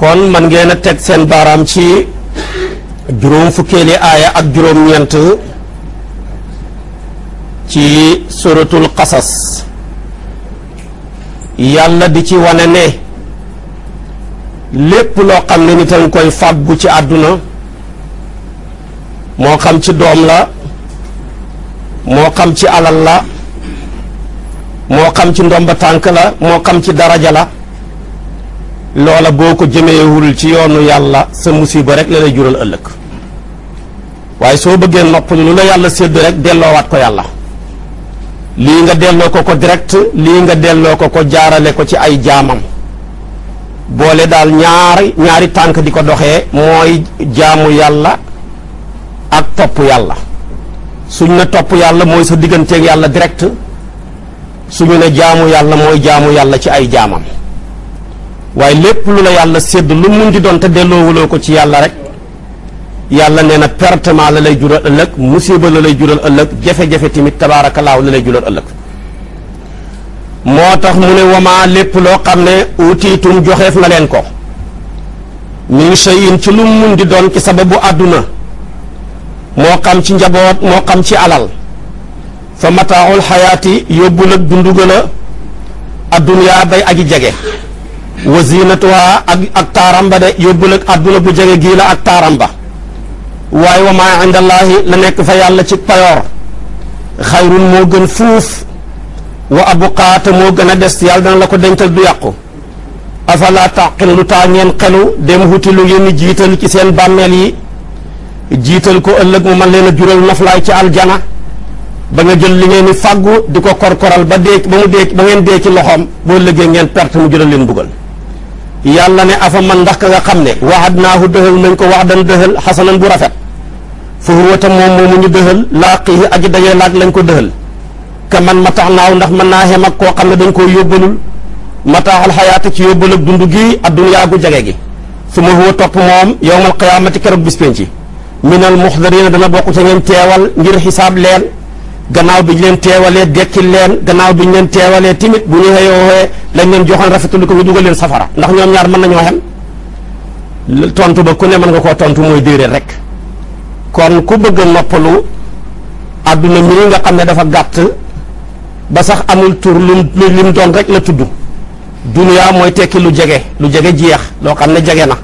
kon man ngeen a teg seen baaraam ci juróom fukkeeli aaya ak juróom-ñeent ci suratul qasas yàlla di ci wane ne lépp loo xam ne nit a koy fàggu ci àdduna moo xam ci doom la moo xam ci alal la moo xam ci ndomba tànk la moo xam ci daraja la loola boo ko jëmeewul ci yoonu yàlla sa musiba rek la lay jural ëllëg waaye soo bëggee noppalu lu la yàlla sédd rek delloowaat ko yàlla lii nga delloo ko ko direct lii nga delloo ko ko jaarale ko ci ay jaamam boole daal ñaari ñaari tànk di ko doxee mooy jaamu yàlla ak topp yàlla suñu ne topp yàlla mooy sa digganteek yàlla direct suñu ne jaamu yàlla mooy jaamu yàlla ci ay jaamam waaye lépp lu la yàlla sédd lu mun di doon te delloowuloo ko ci yàlla rek yàlla nee na pertement la lay jural ëllëg musiba la lay jural ëllëg jafe-jafe tamit tabaarakallaahu la lay jural ëllëg moo tax mu ne womaa lépp loo xam ne utiitum joxeef na leen ko min shay'in ci lu mun di doon ci sababu àdduna moo xam ci njaboot moo xam ci alal fa mataaxul xayaati yóbbul ak dundu gën a adduniyaa bay aji jege wa zinatuha ak ak taaramba de yóbbul ak àdduna bu jege gii la ak ba waaye wa ma indallaahi la nekk fa yàlla ci payoor xayrun moo gën fuuf wa abuqaata moo gën a des yàlla dana la ko dencal du yàqu afala tàqil lu taa ngeen xelu dem huti lu ngeen jiital ci seen bàmmeel yi jiital ko ëllëg mu man leen a jural naflaay ci aljana ba nga jël li ngeen di fàggu di ko korkoral ba dee ba mu dee ba ngeen dee ci loxoom boo lëggee ngeen perte mu jural leen mbugal yàlla ne afa man ndax ka nga xam ne waxat naahu dëxal nañ ko wax dan dëxal xasanan bu rafet fa huwa ta moom moomu ñu dëxal laaqihi aji dajee laaj lañ ko dëxal ka man ma tax naaw ndax mën naa xem ak koo xam ne dañ koo yóbbalul mataaxal xayaata ci yóbbal ak dund gi addunyaa gu jage gi su ma huwa topp moom yowmal qiyaamati keroog bis penci minal muxdarina dana bokk ca ngeen teewal ngir xisaab leen gannaaw bi ñu leen teewalee dekkil leen gannaaw bi ñu leen teewalee timit bu ñu xëyooxee lañ leen joxoon rafetul ko ñu dugal leen safara ndax ñoom ñaar mën nañoo xem tontu ba ku ne mën nga koo tontu mooy déedéet rek kon ku bëgg a noppalu àdduna mi nga xam ne dafa gàtt ba sax amul tur lu lim doon rek la tudd duniyaa mooy tekki lu jege lu jege jeex loo xam ne jege na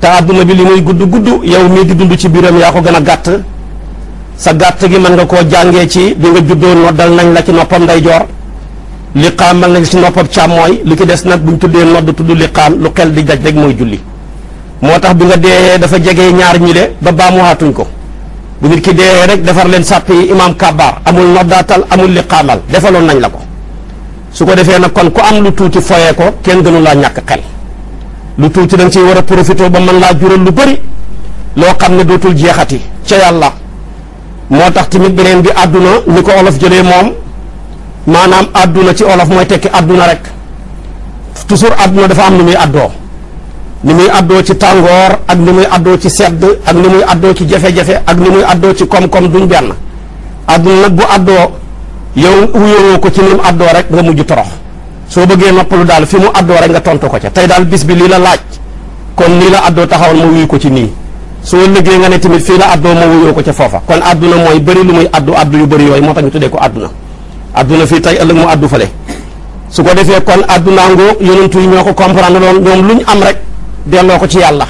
te àdduna bi li muy gudd gudd yow mii di dund ci biiram yaa ko gën a gàtt sa gàtt gi mën nga koo jàngee ci bi nga juddoo noddal nañ la ci noppam nday joor liqaamal nañ ci noppam càmmooy li ki des nag buñ tuddee nodd tudd liqaam lu xel di daj rek mooy julli moo tax bi nga dee dafa jege ñaar ñi de ba baamuwaatuñ ko bu nit ki deeyee rek defar leen sàpp yi imaam kabaar amul noddaatal amul liqaamal defaloon nañ la ko su ko defee nag kon ku am lu tuuti foye ko kenn gënu laa ñàkk xel lu tuuti da nga ciy war a profité ba mën laa jural lu bëri loo xam ne dootul jeexati ca moo tax tamit beneen bi àdduna ni ko olof jëlee moom maanaam àdduna ci olof mooy tekki àdduna rek toujours àdduna dafa am ni muy àddoo ni muy àddoo ci tàngoor ak ni muy àddoo ci sedd ak ni muy àddoo ci jafe-jafe ak ni muy àddoo ci koom-koom duñ benn àdduna nag bu àddoo yow wuyoo ko ci ni mu àddoo rek nga mujj torox soo bëggee lu daal fi mu àddoo rek nga tontu ko ca tey daal bis bi lii la laaj kon nii la àddoo taxawal mu wuy ko ci nii soo liggéey nga ne tamit fii la addoo ma wuyoo ko ca foofa kon àdduna mooy bëri lu muy addu addu yu bëri yooyu moo tax ñu tuddee ko adduna adduna fii tey ëllëg mu àddu fale su ko defee kon addunaango yonentu yi ñoo ko comprendre loon ñoom lu ñu am rek delloo ko ci yàlla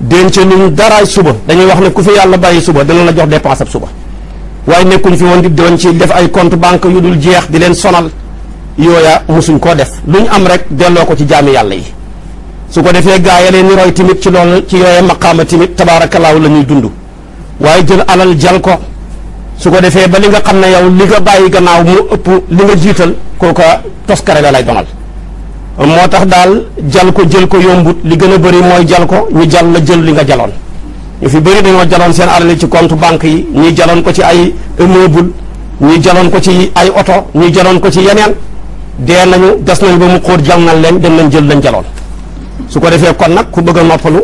denc luñ dara suba dañuy wax ne ku fi yàlla bàyyi suba dana la jox dépense ab suba waaye nekkuñ fi woon di doon ci def ay compte banque yu dul jeex di leen sonal yooya musuñ koo def lu am rek delloo ko ci jaami yàlla yi su ko defee gaa ya leen roy tamit ci loolu ci yooye maqaama tamit tabaarakallaahu la ñuy dund waaye jël alal jal ko su ko defee ba li nga xam ne yaw li nga bàyyi gannaaw mu ëpp li nga jiital kooka toskare la lay donal moo tax daal jal ko jël ko yombut li gën a bëri mooy jal ko ñu jal la jël li nga jaloon ñu fi bëri dañoo jaloon seen alal ci compte banque yi ñuy jaloon ko ci ay immeuble ñuy jaloon ko ci ay oto ñuy jaloon ko ci yeneen dee nañu des nañ ba mu xóot jal leen dem nañ jël lañ jaloon su ko defee kon nag ku bëgg a noppalu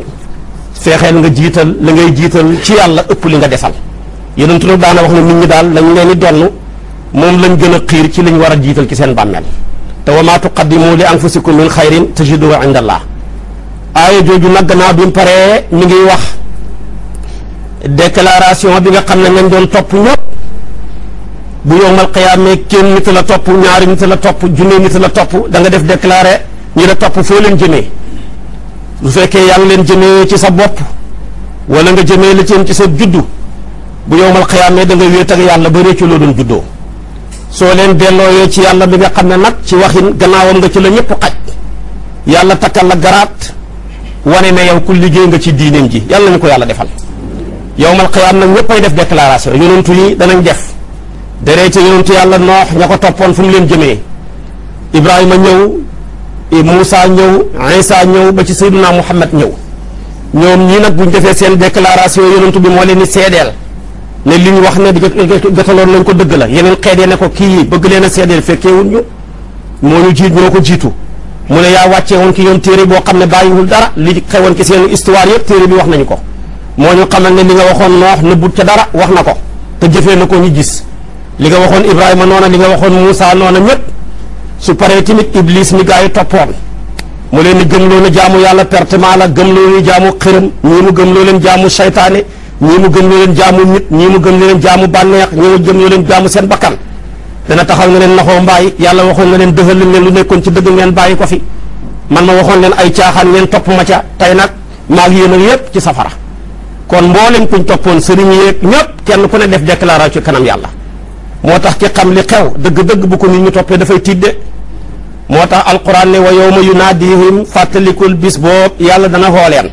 feexeel nga jiital la ngay jiital ci yàlla ëpp li nga desal yeneen tunu daana wax ne nit ñi daal lañ leen di donn moom lañ gën a xiir ci lañ war a jiital ci seen bàmmeel te wa maa tuqaddimu li anfusikum min xayrin tajiduhu inda allah aaya jooju nag gannaaw bi mu paree mi ngi wax déclaration bi nga xam ne nañ doon topp ñëpp bu yowmal qiyaamee kenn nit la topp ñaari nit la topp junne nit la topp da nga def déclaré ñi la topp foo jëmee lu fekkee yaa leen jëmee ci sa bopp wala nga jëmee la ci sa juddu bu yowmal xiyaamee da nga wéet ak yàlla ba réccu loo doon juddoo soo leen dellooyee ci yàlla bi nga xam ne nag ci waxin gannaawam nga ci la ñëpp xaj yàlla takkal la garaat wane ne yow ku liggéey nga ci diineem ji yàlla ñu ko yàlla defal yowmal xiyaam nag ñëppay def déclaration yonentu yi danañ def dereete yonentu yàlla noox ña ko toppoon fu mu leen jëmee Ibrahima ñëw Moussa ñëw Isa ñëw ba ci Sayyiduna Muhammad ñëw ñoom ñii nag buñ defee seen déclaration yonent bi moo leen di seedeel ne li ñu wax ne gëtaloon lañ ko dëgg la yeneen xeet ne ko kii bëgg leen a seedeel fekkeewuñ ñu moo ñu jiit ñoo ko jiitu mu ne yaa wàccee woon ki ñoom téere boo xam ne bàyyiwul dara li xewoon ki seen histoire yëpp téere bi wax nañu ko moo ñu xamal ne li nga waxoon noox nëbbut ca dara wax na ko te jëfee na ko ñu gis li nga waxoon Ibrahima noona li nga waxoon Moussa noona ñëpp su paree tamit iblis mi gaa yi toppoon mu leen di gëmloo na jaamu yàlla pertement la gëmloo loo jaamu xërëm ñii mu gëmloo leen jaamu saytaane ñii mu gëmloo leen jaamu nit ñii mu gëmloo leen jaamu bànneex ñii mu gëmloo leen jaamu seen bakkan dana taxaw na leen naxoo mbaay yàlla waxoon na leen dëxal leen lu nekkoon ci dëgg ngeen bàyyi ko fi man ma waxoon leen ay caaxaan ngeen topp ma ca tey nag maa ngi yéen yépp ci safara kon mboo mboolem kuñ toppoon sëriñ yéeg ñëpp kenn ku ne def déclaration ci kanam yàlla moo tax ci xam li xew dëgg-dëgg bu ko nit ñu toppee dafay tidde moo tax alquran ne wa yawma yunaadihim fàttalikul bis boobu yàlla dana xooleen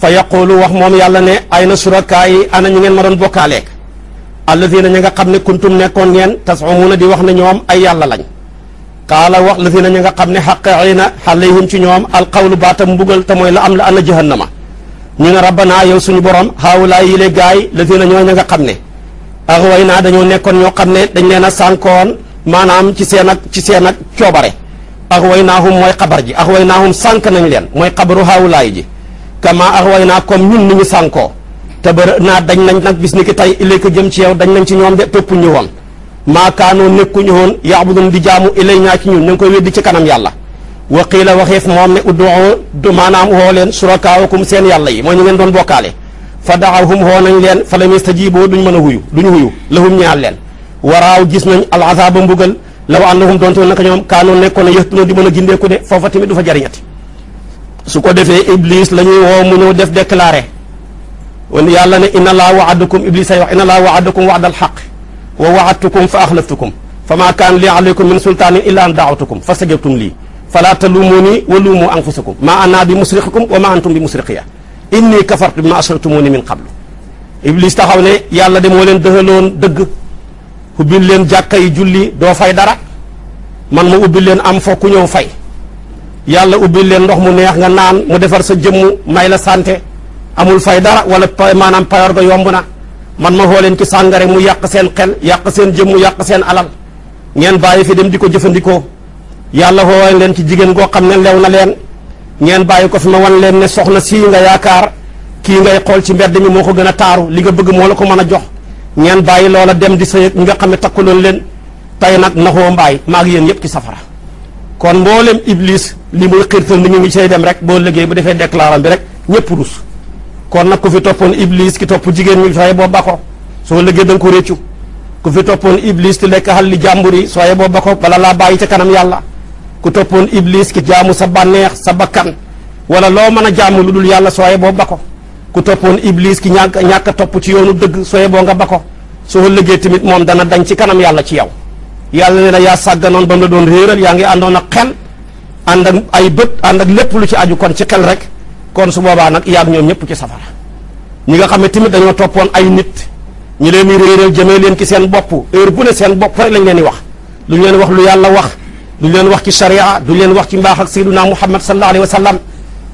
fa yaqulu wax moom yàlla ne ay na surakaa yi ana ñu ngeen ma doon bokkaaleeg allazina ña nga xam ne kuntum nekkoon ngeen tasumuuna di wax ne ñoom ay yàlla lañ kaa la wax allazina ña nga xam ne na xaqaina alayhim ci ñoom alqawlu baatam mbugal te mooy la am la ana jahannama ñu ne rabbanaa yow suñu borom haawulaa yi le gaay allazina ñoo ña nga xam ne axaway naa dañoo nekkoon ñoo xam ne dañ leen a sànkoon maanaam ci seen ak ci seen ak coobare naa naahum mooy xabar ji ak naa naahum sànk nañ leen mooy xabaru haawulaay ji kama way naa comme ñun ni ñu sànkoo te ba naa dañ nañ nag bis ni ki tey ilayka jëm ci yow dañ nañ ci ñoom de topp ñu woon maakaanoo nekkuñu woon yaabudun di jaamu ilay ñaa ci ñun ñu ngi koy weddi ci kanam yàlla wa qiila waxeef moom ne uddu du maanaam woo leen surakaawakum seen yàlla yi mooy ñu ngeen doon bokkaale fa daawhum hoo nañ leen fa lam yastajiiboo duñ mën a duñ wuyu lahum ñaal leen waraaw gis nañ al azaaba mbugal law annahum doonte naka ñoom kaanoon nekkoon yëxtunoo di mën a gindeeku de foofa tamit du fa jariñati su ko defee iblis la ñuy woo mu ñëw def déclaré wan yàlla ne inna laa waadakum iblis ay wax inna laa waadakum waada wa waadtukum fa axlaftukum fa maa kaan li alaykum min sultaanin illa an daawtukum fa sajabtum lii falaa talumuuni wa luumu anfusakum maa wa inni kafartu bima asraktumuni min qablu iblis taxaw ne yàlla de moo leen dëxaloon dëgg ubbil leen jàkka yi julli doo fay dara man ma ubbil leen am fo ku ñëw fay yàlla ubbil leen ndox mu neex nga naan mu defar sa jëmm may la santé amul fay dara wala maanaam payor ga yomb na man ma xooleen ci sàngare mu yàq seen xel yàq seen jëmmu yàq seen alal ngeen bàyyi fi dem di ko jëfandikoo yàlla xooleen leen ci jigéen goo xam ne lew na leen ngeen bàyyi ko fi ma wan leen ne soxna sii nga yaakaar kii ngay xool ci mbedd mi moo ko gën a taaru li nga bëgg moo la ko mën a jox ngeen bàyyi loola dem di sëy ñi nga xam ne takkuloon leen tey nag naxoo mbaay maag yéen yëpp ci safara kon mboolem iblis li muy xirtal ni ñu ngi sey dem rek boo liggéey bu defee déclaram bi rek ñëpp rus kon nag ku fi toppoon iblis ki topp jigéen ñi sooye boo bako soo liggéey da ko réccu ku fi toppoon iblis di lekk xal li jàmbur yi sooye boo bako bala laa bàyyi ca kanam yàlla ku toppoon iblis ki jaamu sa bànneex sa bakkan wala loo mën a jaamu lu dul yàlla sooye boo ba ko ku toppoon iblis ki ñàkk ñàkk a topp ci yoonu dëgg sooye boo nga ba ko soo liggéey tamit moom dana dañ ci kanam yàlla ci yow yàlla ne na yaa sàgganoon ba la doon réeral yaa ngi àndoon ak xel ànd ak ay bët ànd ak lépp lu ci aju kon ci xel rek kon su boobaa nag yaag ñoom ñëpp ci safara ñi nga xam ne tamit dañoo toppoon ay nit ñi leen di réeral jëmee leen ci seen bopp heure bu ne seen bopp rek lañ leen di wax lu ñu wax lu yàlla wax duñ leen wax ci sharia duñ leen wax ci mbaax ak sayyiduna muhammad sallallahu alayhi wa sallam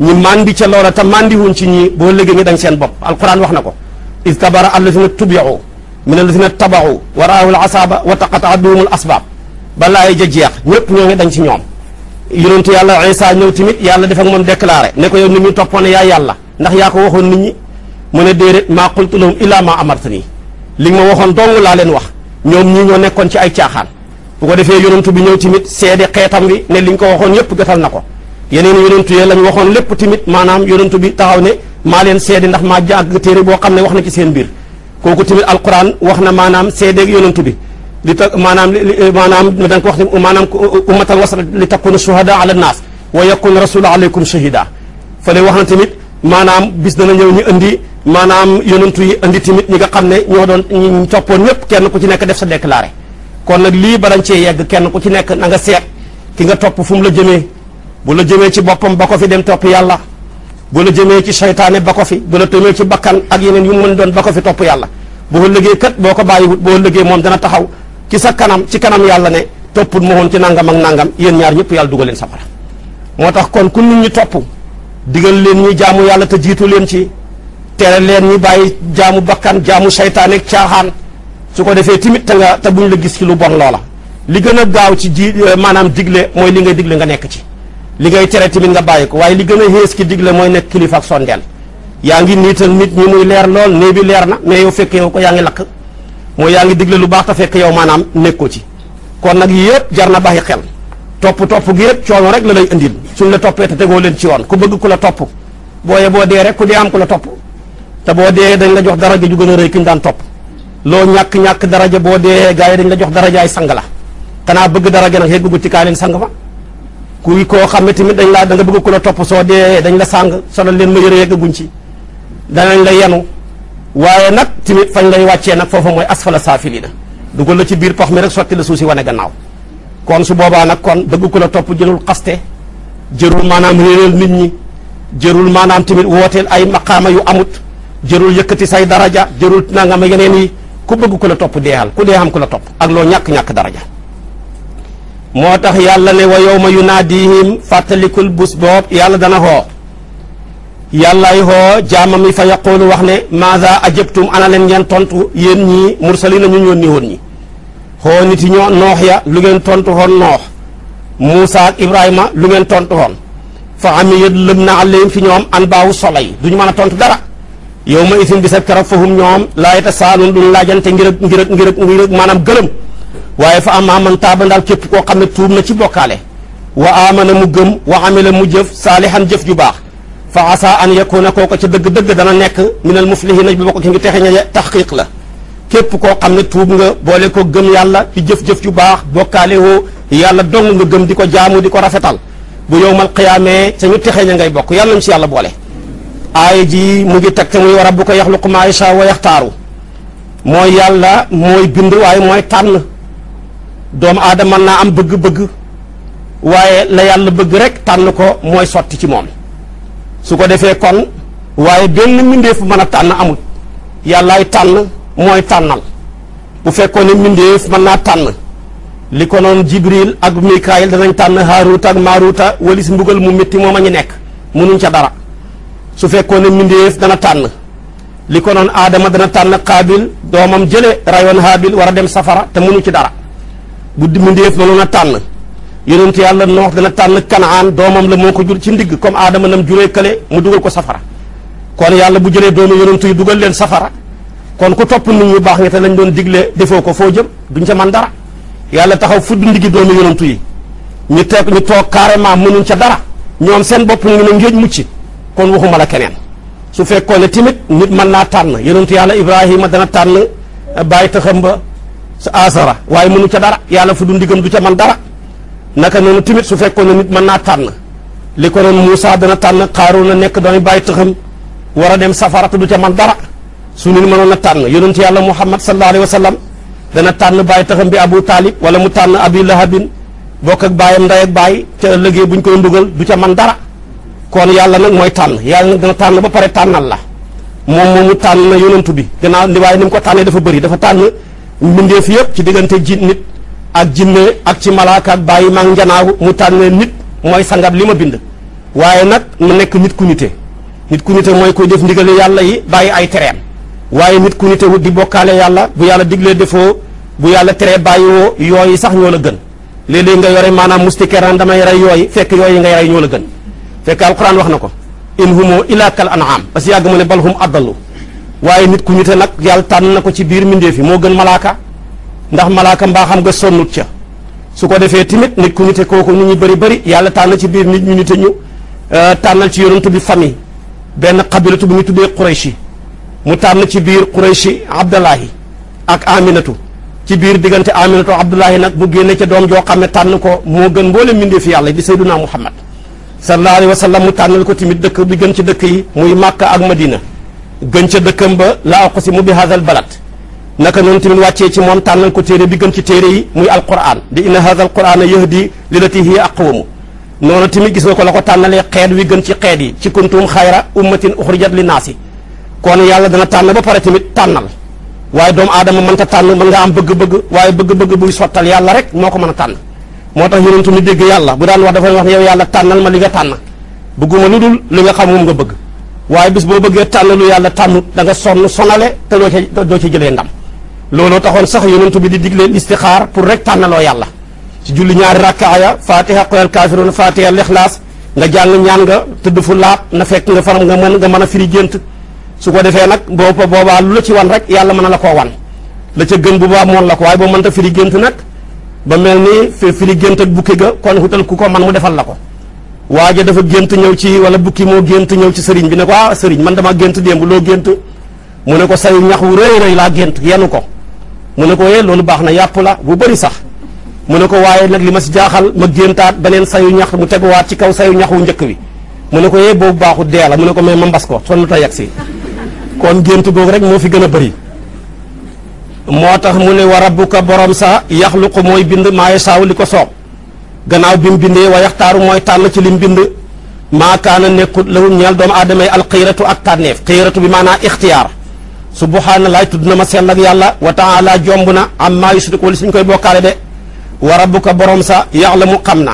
ñi mandi ca loola te mandi wuñ ci ñi boo léegi ñi dañ seen bopp alquran wax na ko iz tabara allazina tubiu min allazina tabaau wa raahu alasaba wa taqata bihum al asbab ba laay ja jeex ñëpp ñoo ngi dañ ci ñoom yonentu yàlla Isa ñëw tamit yàlla def moon moom déclaré ne ko yow ni ñi toppoon yaa yàlla ndax yaa ko waxoon ni ñi mu ne déedéet maa qultu lahum illa ma amartani li ma waxoon dong laa leen wax ñoom ñii ñoo ay caaxaan bu ko defee yonentu bi ñëw tamit seede xeetam wi ne liñ ko waxoon yépp jotal na ko yeneen yonentu yee lañ waxoon lépp tamit maanaam yonentu bi taxaw ne maa leen seede ndax maa jàgg téere boo xam ne wax na ci seen biir kooku tamit alquran wax na maanaam seedeeg yonentu bi li ta maanaam maanaam danga ko wax ne maanaam ummatan wasat li takuna shuhada ala naas wa yakun rasul aleykum shahida fële wax na tamit maanaam bis dana ñëw ñu indi maanaam yonantu yi indi tamit ñi nga xam ne ñoo doon toppoon ñëpp kenn ku ci nekk def sa déclaré kon nag lii balañ cee yegg kenn ku ci nekk nanga nga seet ki nga topp fu mu la jëmee bu la jëmee ci boppam ba ko fi dem topp yàlla boo la jëmee ci seytaane ba ko fi bu la tomee ci bakkan ak yeneen yu mën doon ba ko fi topp yàlla boo liggéey kat boo ko bàyyiwut boo liggéey moom dana taxaw ci sa kanam ci kanam yàlla ne toppul ma woon ci nangam ak nangam yéen ñaar ñëpp yàlla dugal leen safara moo tax kon ku nit ñi topp digal leen ñi jaamu yàlla te jiitu leen ci tere leen ñi bàyyi jaamu bakkan jaamu seytaane ak caaxaan su ko defee timit ta nga te buñ la gis ci lu bon loola li gën a gaaw ci ji euh, maanaam digle mooy li ngay digle nga nekk ci li ngay tere timit nga bàyyi ko waaye li gën a xées ki digle mooy nekk kilifa ak sondeel yaa ngi niital nit ñi muy leer lool nee bi leer na mais yow fekk yow ko yaa ngi lakk mooy yaa ngi digle lu baax te fekk yow maanaam nekkoo ci kon nag yëpp jar na bàyyi xel topp topp gi yëpp coono rek la lay indil suñ la toppee te tegoo leen ci yoon ku bëgg ku la topp booye boo dee rek ku dee ku la topp te boo dee dañ la jox dara gi ju gën a rëy ki ñu daan topp loo ñàkk-ñàkk daraja boo dee gars yi dañ la jox daraja ay sang la kanaa bëgg daraja nag yeggagu ci kaa leen sang ma kuy koo xam ne tamit dañ laa da nga bëgg la topp soo dee dañ la sang solal leen ma yëre ci danañ la yenu waaye nag tamit fañ lay wàccee nag foofu mooy asfala saafilina dugal la ci biir pox mi rek sotti la suuf si wane gannaaw kon su boobaa nag kon bëgg ku la topp jëlul xaste jërul maanaam réeral nit ñi jërul maanaam tamit wooteel ay maqaama yu amut jërul yëkkati say daraja jërul nangama yeneen yi ku bëgg ku la topp deexal ku dee xam ku la topp ak loo ñàkk-ñàkk daraja moo tax yàlla ne wa yawma yunaadihim fàttalikul bus boob yàlla dana xoo yàllaay xoo jaamam yi fa yaquulu wax ne maada ajabtum ana leen ngeen tontu yéen ñii mursali na ñu ñoon ni woon ñi xoo nit yi noox ya lu ngeen tontu woon noox Muusa ak Ibrahima lu ngeen tontu woon fa amiyat lëm na alayhim fi ñoom an baawu solo du ñu mën a tontu dara yow ma isin bi sa keroog fahum ñoom laa yatasaaluun duñ laajante ngir ak ngir ak ngir ak ngir maanaam gëlëm waaye fa am man taaba ndaal képp koo xam ne tuub na ci bokkaale wa amana mu gëm wa amila mu jëf saalihan jëf ju baax fa asa an yakuna kooko ca dëgg-dëgg dana nekk minal muflihina bi bokk ki ngi texe ña taxqiq la képp koo xam ne tuub nga boole ko gëm yàlla ci jëf-jëf ju baax bokkaale woo yàlla dong nga gëm di ko jaamu di ko rafetal bu yowmal qiyaamee ca ñu texe ña ngay bokk yàlla ñu ci yàlla boole aaya ji mu ngi teg te muy rabbuka yaxluqu maa yashaa wa yaxtaaru mooy yàlla mooy bind waaye mooy tànn doomu aadama man naa am bëgg-bëgg waaye la yàlla bëgg rek tànn ko mooy sotti ci moom su ko defee kon waaye benn mbindeef mën a tànn amul yàllaay tànn mooy tànnal bu fekkoon ne mbindeef mën naa tànn li ko noon jibril ak mikaayil danañ tànn haaruuta ak maaruuta walis mbugal mu métti moom a ñu nekk mënuñ ca dara su fekkoon ne mbindéef dana tànn li ko noon aadama dana tànn xaabil doomam jële rayoon haabil war a dem safara te mënu ci dara bu mbindéef mënoon a tànn yonent yàlla noox dana tànn kanaan doomam la moo ko jur ci ndigg comme aadama nam juree kale mu dugal ko safara kon yàlla bu jëlee doomu yonent yi dugal leen safara kon ku topp nit ñu baax ñi te lañ doon digle defoo ko foo jëm duñ ca man dara yàlla taxaw fudd ndigi doomu yonent yi ñu toog ñu toog carrément mënuñ ca dara ñoom seen bopp ñu ne ngéej mucc kon waxuma la keneen su fekkoon ne tamit nit man naa tànn yonentu yàlla Ibrahima dana tànn eh, bàyyi taxam ba sa asara waaye mënu ca dara yàlla fu du ndigam du ca man dara naka noonu tamit su fekkoon ne nit mën naa tànn li ko doon Moussa dana tànn Xaaruuna nekk dooy bàyyi taxam war a dem safara te du ca man dara su nit mënoon a tànn yonentu yàlla Muhammad sallallahu alayhi wa sallam dana tànn bàyyi taxam bi Abu Talib wala mu tànn Abi Lahabin bokk ak bàyyam nday ak bàyyi ca ëllëgee buñ koy ndugal du ca man dara kon yàlla nag mooy tànn yàlla nag dana tànn ba pare tànnal la moom moomu tànn na yonantu bi gannaaw li waaye ni mu ko tànnee dafa bëri dafa tànn mbindeef yëpp ci diggante ji nit ak jinne ak ci malaaka bàyyi maag njanaaw mu tànn nit mooy sangab li ma bind waaye nag mu nekk nit ku nite nit ku mooy koy def ndigal yàlla yi bàyyi ay tereem waaye nit ku nite di bokkaale yàlla bu yàlla diglee defoo bu yàlla teree bàyyiwoo yooyu sax ñoo la gën l léeg nga yore maanaam mustikeran damay fekk yooyu ngay rey ñoo la gën fekk alquran wax na ko in humu ila kal an'am parce que yàgg mu ne bal hum addalu waaye nit ku nite nag yàlla tànn na ko ci biir mbindeef yi moo gën malaaka ndax malaaka mbaa xam nga sonnut ca su ko defee tamit nit ku nite kooku nit ñu bëri bëri yàlla tànn ci biir nit ñu te ñu euh, tànnal ci yonantu bi famille benn xabilatu bu ñu tuddee Qurayshi mu tànn ci biir Qurayshi Abdallahi ak Aminatu ci biir diggante Aminatu Abdallahi nag mu génne ca doom joo xam ne tànn ko moo gën mboolem mbindeef yàlla di Sayyiduna Muhammad sallallahu alayhi wa sallam mu tànnal ko tamit dëkk bi gën ci dëkk yi muy Màkka ak Madina gën ca dëkkam ba la uqsimu bi hadha al balad naka noonu tamit wàccee ci moom tànnal ko téere bi gën ci téere yi muy alquran di inna hadha alqurana yahdi lilati hiya aqwamu noonu tamit gis nga ko la ko tànnalee xeet wi gën ci xeet yi ci kuntum xayra ummatin uxrijat li naasi kon yàlla dana tànn ba pare tamit tànnal waaye doomu aadama mënta tànn mën nga am bëgg-bëgg waaye bëgg-bëgg buy sottal yàlla rek moo ko mën a tànn moo tax yonentu mi dégg yàlla bu daan wax dafay wax ne yow yàlla tànnal ma li nga tànn bëgguma lu dul li nga xam moom nga bëgg waaye bis boo bëggee tànn yàlla tànnut danga nga sonn sonale te doo doo ci jëlee ndam looloo taxoon sax yonentu bi di digle istixaar pour rek tànnaloo yàlla ci julli ñaari rakkaa ya fatiha qoyal kaafiroon fatiha lixlaas nga jàng ñaan nga tëdd fu laab na fekk nga faram nga mën nga mën a firi gént su ko defee nag booba boobaa lu la ci wan rek yàlla mën na la koo wan la ca gën bu baa moon la ko waaye boo mënta firi gént nag ba mel ni fi ni gént ak bukki ga kon xutal ku ko man mu defal la ko waaja dafa gént ñëw ci wala bukki moo gént ñëw ci sëriñ bi ne ko ah sëriñ man dama gént démb loo gént mu ne ko say ñax wu rëy rëy laa gént yenu ko mu ne ko yee eh, loolu baax na yàpp la bu bëri sax mu ne ko waaye nag li ma si jaaxal ma géntaat beneen sayu ñax mu teguwaat ci kaw sayu ñax wu njëkk wi mu ne ko yee eh, boobu baaxu dee la mu ne ko mais ma mbas ko sonn ta yegg si kon gént googu rek moo fi gën a bëri moo tax mu ne wa rabbuka borom sa yaxluqu mooy bind maa yasaaw li ko soob gannaaw bi mu bindee wa yaxtaaru mooy tànn ci li mu bind maa kaana nekkut lahum ñeel doomu aadama yi alxiiratu ak tànneef xiiratu bi maanaa ixtiyaar subhaana laay tudd na ma sell ak yàlla wa taala jomb na ammaa yusriku wala suñ koy bokkaale de wa rabbuka borom sa yaxlamu xam na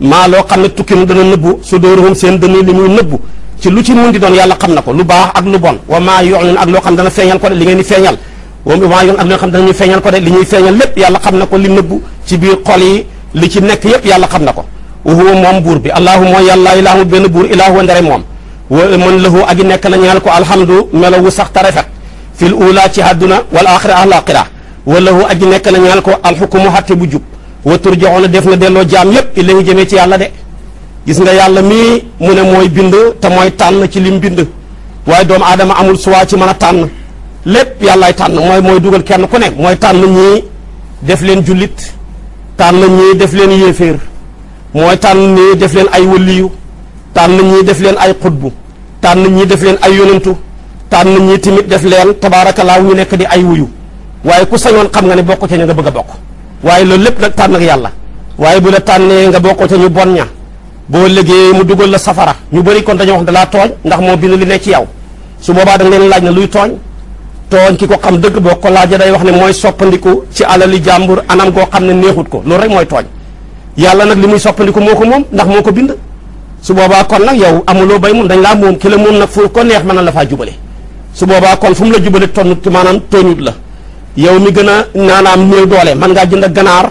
maa loo xam ne tukkinu dana nëbbu suduuruhum seen dënnu li muy nëbbu ci lu ci mun di doon yàlla xam na ko lu baax ak lu bon wa maa yu'lin ak loo xam dana li ngeen di feeñal moom bi maa yoon ak loo xam ne ñu feeñal ko de li ñuy feeñal lépp yàlla xam na ko li nëbbu ci biir xol yi li ci nekk yépp yàlla xam na ko wa huwa moom buur bi allahu mooy yàlla ilaahu benn buur ilaahu ndare moom wa man lahu ak nekk na ñeel ko alhamdu melo wu sax te rafet fil uulaa ci àdduna wal axira ak laaxira wa lahu ak nekk na ñeel ko alxukumu xatte bu jub wa turjaxoona def na delloo jaam yépp ilayhi jëmee ci yàlla de gis nga yàlla mii mu ne mooy bind te mooy tànn ci lim bind waaye doomu aadama amul suwaa ci mën a tànn lépp yàllaay tànn mooy mooy dugal kenn ku nekk mooy tànn ñii def leen jullit tànn ñii def leen yéeféer mooy tànn ñii def leen ay wëliyu tànn ñii def leen ay xutbu tànn ñii def leen ay yonantu tànn ñii tamit def leen tabaarakalaaw ñu nekk di ay wuyu waaye ku sañoon xam nga ne bokk ca ñu nga bëgg a bokk waaye loolu lépp nag tànn ak yàlla waaye bu la tànnee nga bokk ca ñu bon ña boo liggéey mu dugal la safara ñu bari kon dañoo wax dalaa tooñ ndax moo bind li nekk ci yow su boobaa da laaj na luy tooñ tooñ ki ko xam dëgg boo ko laajee day wax ne mooy soppandiku ci alali jàmbur anam goo xam ne neexut ko loolu rek mooy tooñ yàlla nag li muy soppandiku moo ko moom ndax moo ko bind su boobaa kon nag yow amuloo bay mun dañ laa moom ki la moom nag fu ko neex mën na la faa jubale su boobaa kon fu mu la jubale tonnut maanaam tooñut la yow mi gën a naanaam néew doole mën ngaa jënd ganaar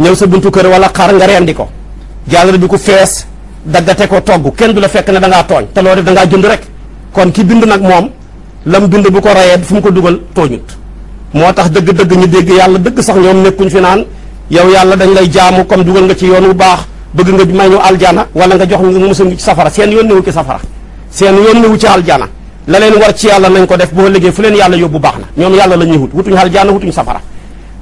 ñëw sa buntu kër wala xar nga rendi ko jàllale bi ku fees daggate ko togg kenn du la fekk ne da ngaa te loo def jënd rek kon ki bind nag moom lam dund bu ko rayee fu mu ko dugal tooñut moo tax dëgg-dëgg ñu dégg yàlla dëgg sax ñoom nekkuñ fi naan yow yàlla dañ lay jaamu comme dugal nga ci yoon wu baax bëgg nga may ñu aljana wala nga jox nga musal ci safara seen yoon newu ci safara seen yoon newu ci aljana la leen war ci yàlla nañ ko def boo liggéey fu leen yàlla yóbbu baax na ñoom yàlla la ñuy wut wutuñ aljana wutuñ safara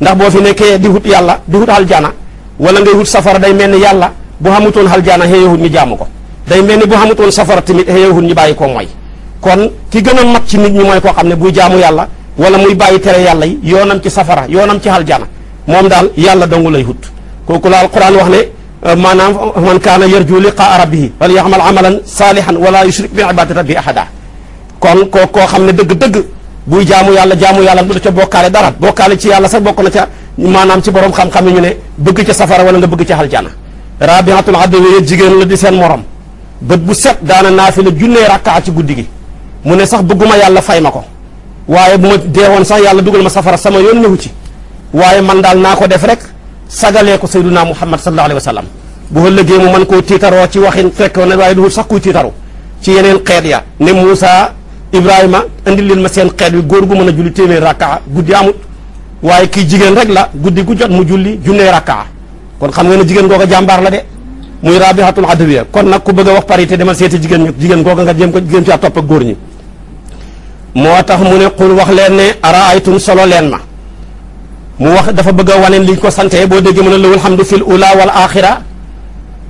ndax boo fi nekkee di wut yàlla di wut aljana wala ngay wut safara day mel ni yàlla bu xamutoon aljana xëyewut ñu jaamu ko day mel ni bu xamutoon safara tamit xëyewut ñu bàyyi ko mooy kon ki gën a mat ci nit ñi mooy koo xam ne buy jaamu yàlla wala muy bàyyi tere yàlla yi yoonam ci safara yoonam ci aljana moom daal yàlla dongu lay hut kooku la alquran wax ne euh, maanaam man kaana yarju liqaa rabbihi wala yaxmal amalan saalihan wala yushrik bi ibadati rabbi ahada kon koo koo xam ne dëgg-dëgg buy jaamu yàlla jaamu yàlla du ca bokkaale dara bokkaale ci yàlla sax bokk na ca maanaam ci borom xam-xam yi ñu ne bëgg ca safara wala nga bëgg ca aljana rabiatul adawiya jigéen la di seen moroom bët bu set daana naafila junnee rakkaa ci guddi gi mu ne sax bëgguma yàlla fay ma ko waaye bu ma deewoon sax yàlla dugal ma safara sama yoon newu ci waaye man daal naa ko def rek sagalee ko sayyiduna muhammad sallallahu alayhi wa sallam bu ëllëgee mu mën koo tiitaroo ci waxin fekk na waaye du sax kuy tiitaru ci yeneen xeet ya ne Moussa Ibrahima indi leen ma seen xeet wi góor gu mën a julli téeméer rakkaa guddi amut waaye kii jigéen rek la guddi gu jot mu julli junnee rakkaa kon xam nga ne jigéen googa jàmbaar la de muy rabihatul adawiya kon nag ku bëgg a wax parité demal seeti jigéen ñi jigéen googa nga jéem ko jéem ci a topp ak góor ñi moo tax mu ne qul wax leen ne araaytum solo leen ma mu wax dafa bëgg waneen liñ ko sante boo déggee mën a xam hamdu fil ula wal axira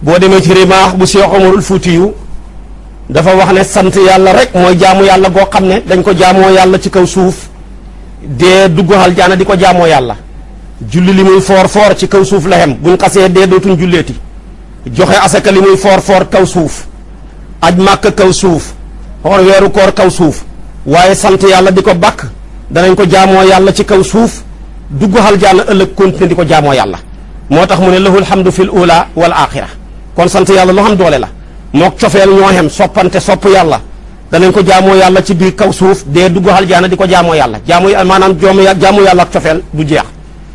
boo demee ci rimaax bu Seex Omarul Fuutiyu dafa wax ne sant yàlla rek mooy jaamu yàlla goo xam ne dañ ko jaamoo yàlla ci kaw suuf dee dugg aljaana di ko jaamoo yàlla julli li muy foor foor ci kaw suuf la xem buñ xasee dee dootuñ julleeti joxe asaka li muy foor foor kaw suuf aj màkk kaw suuf xor weeru koor kaw suuf waaye sant yàlla di ko bàkk danañ ko jaamoo yàlla ci kaw suuf du dugg aljanna ëllëg continuer di ko jaamoo yàlla moo tax mu ne lahul hamdu fil ula wal axira kon sant yàlla loo xam doole la mook cofeel ñoo xam soppante sopp yàlla danañ ko jaamoo yàlla ci biir kaw suuf dee du dugg jaana di ko jaamoo yàlla jaamu maanaam joomu jaamu yàlla ak cofeel du jeex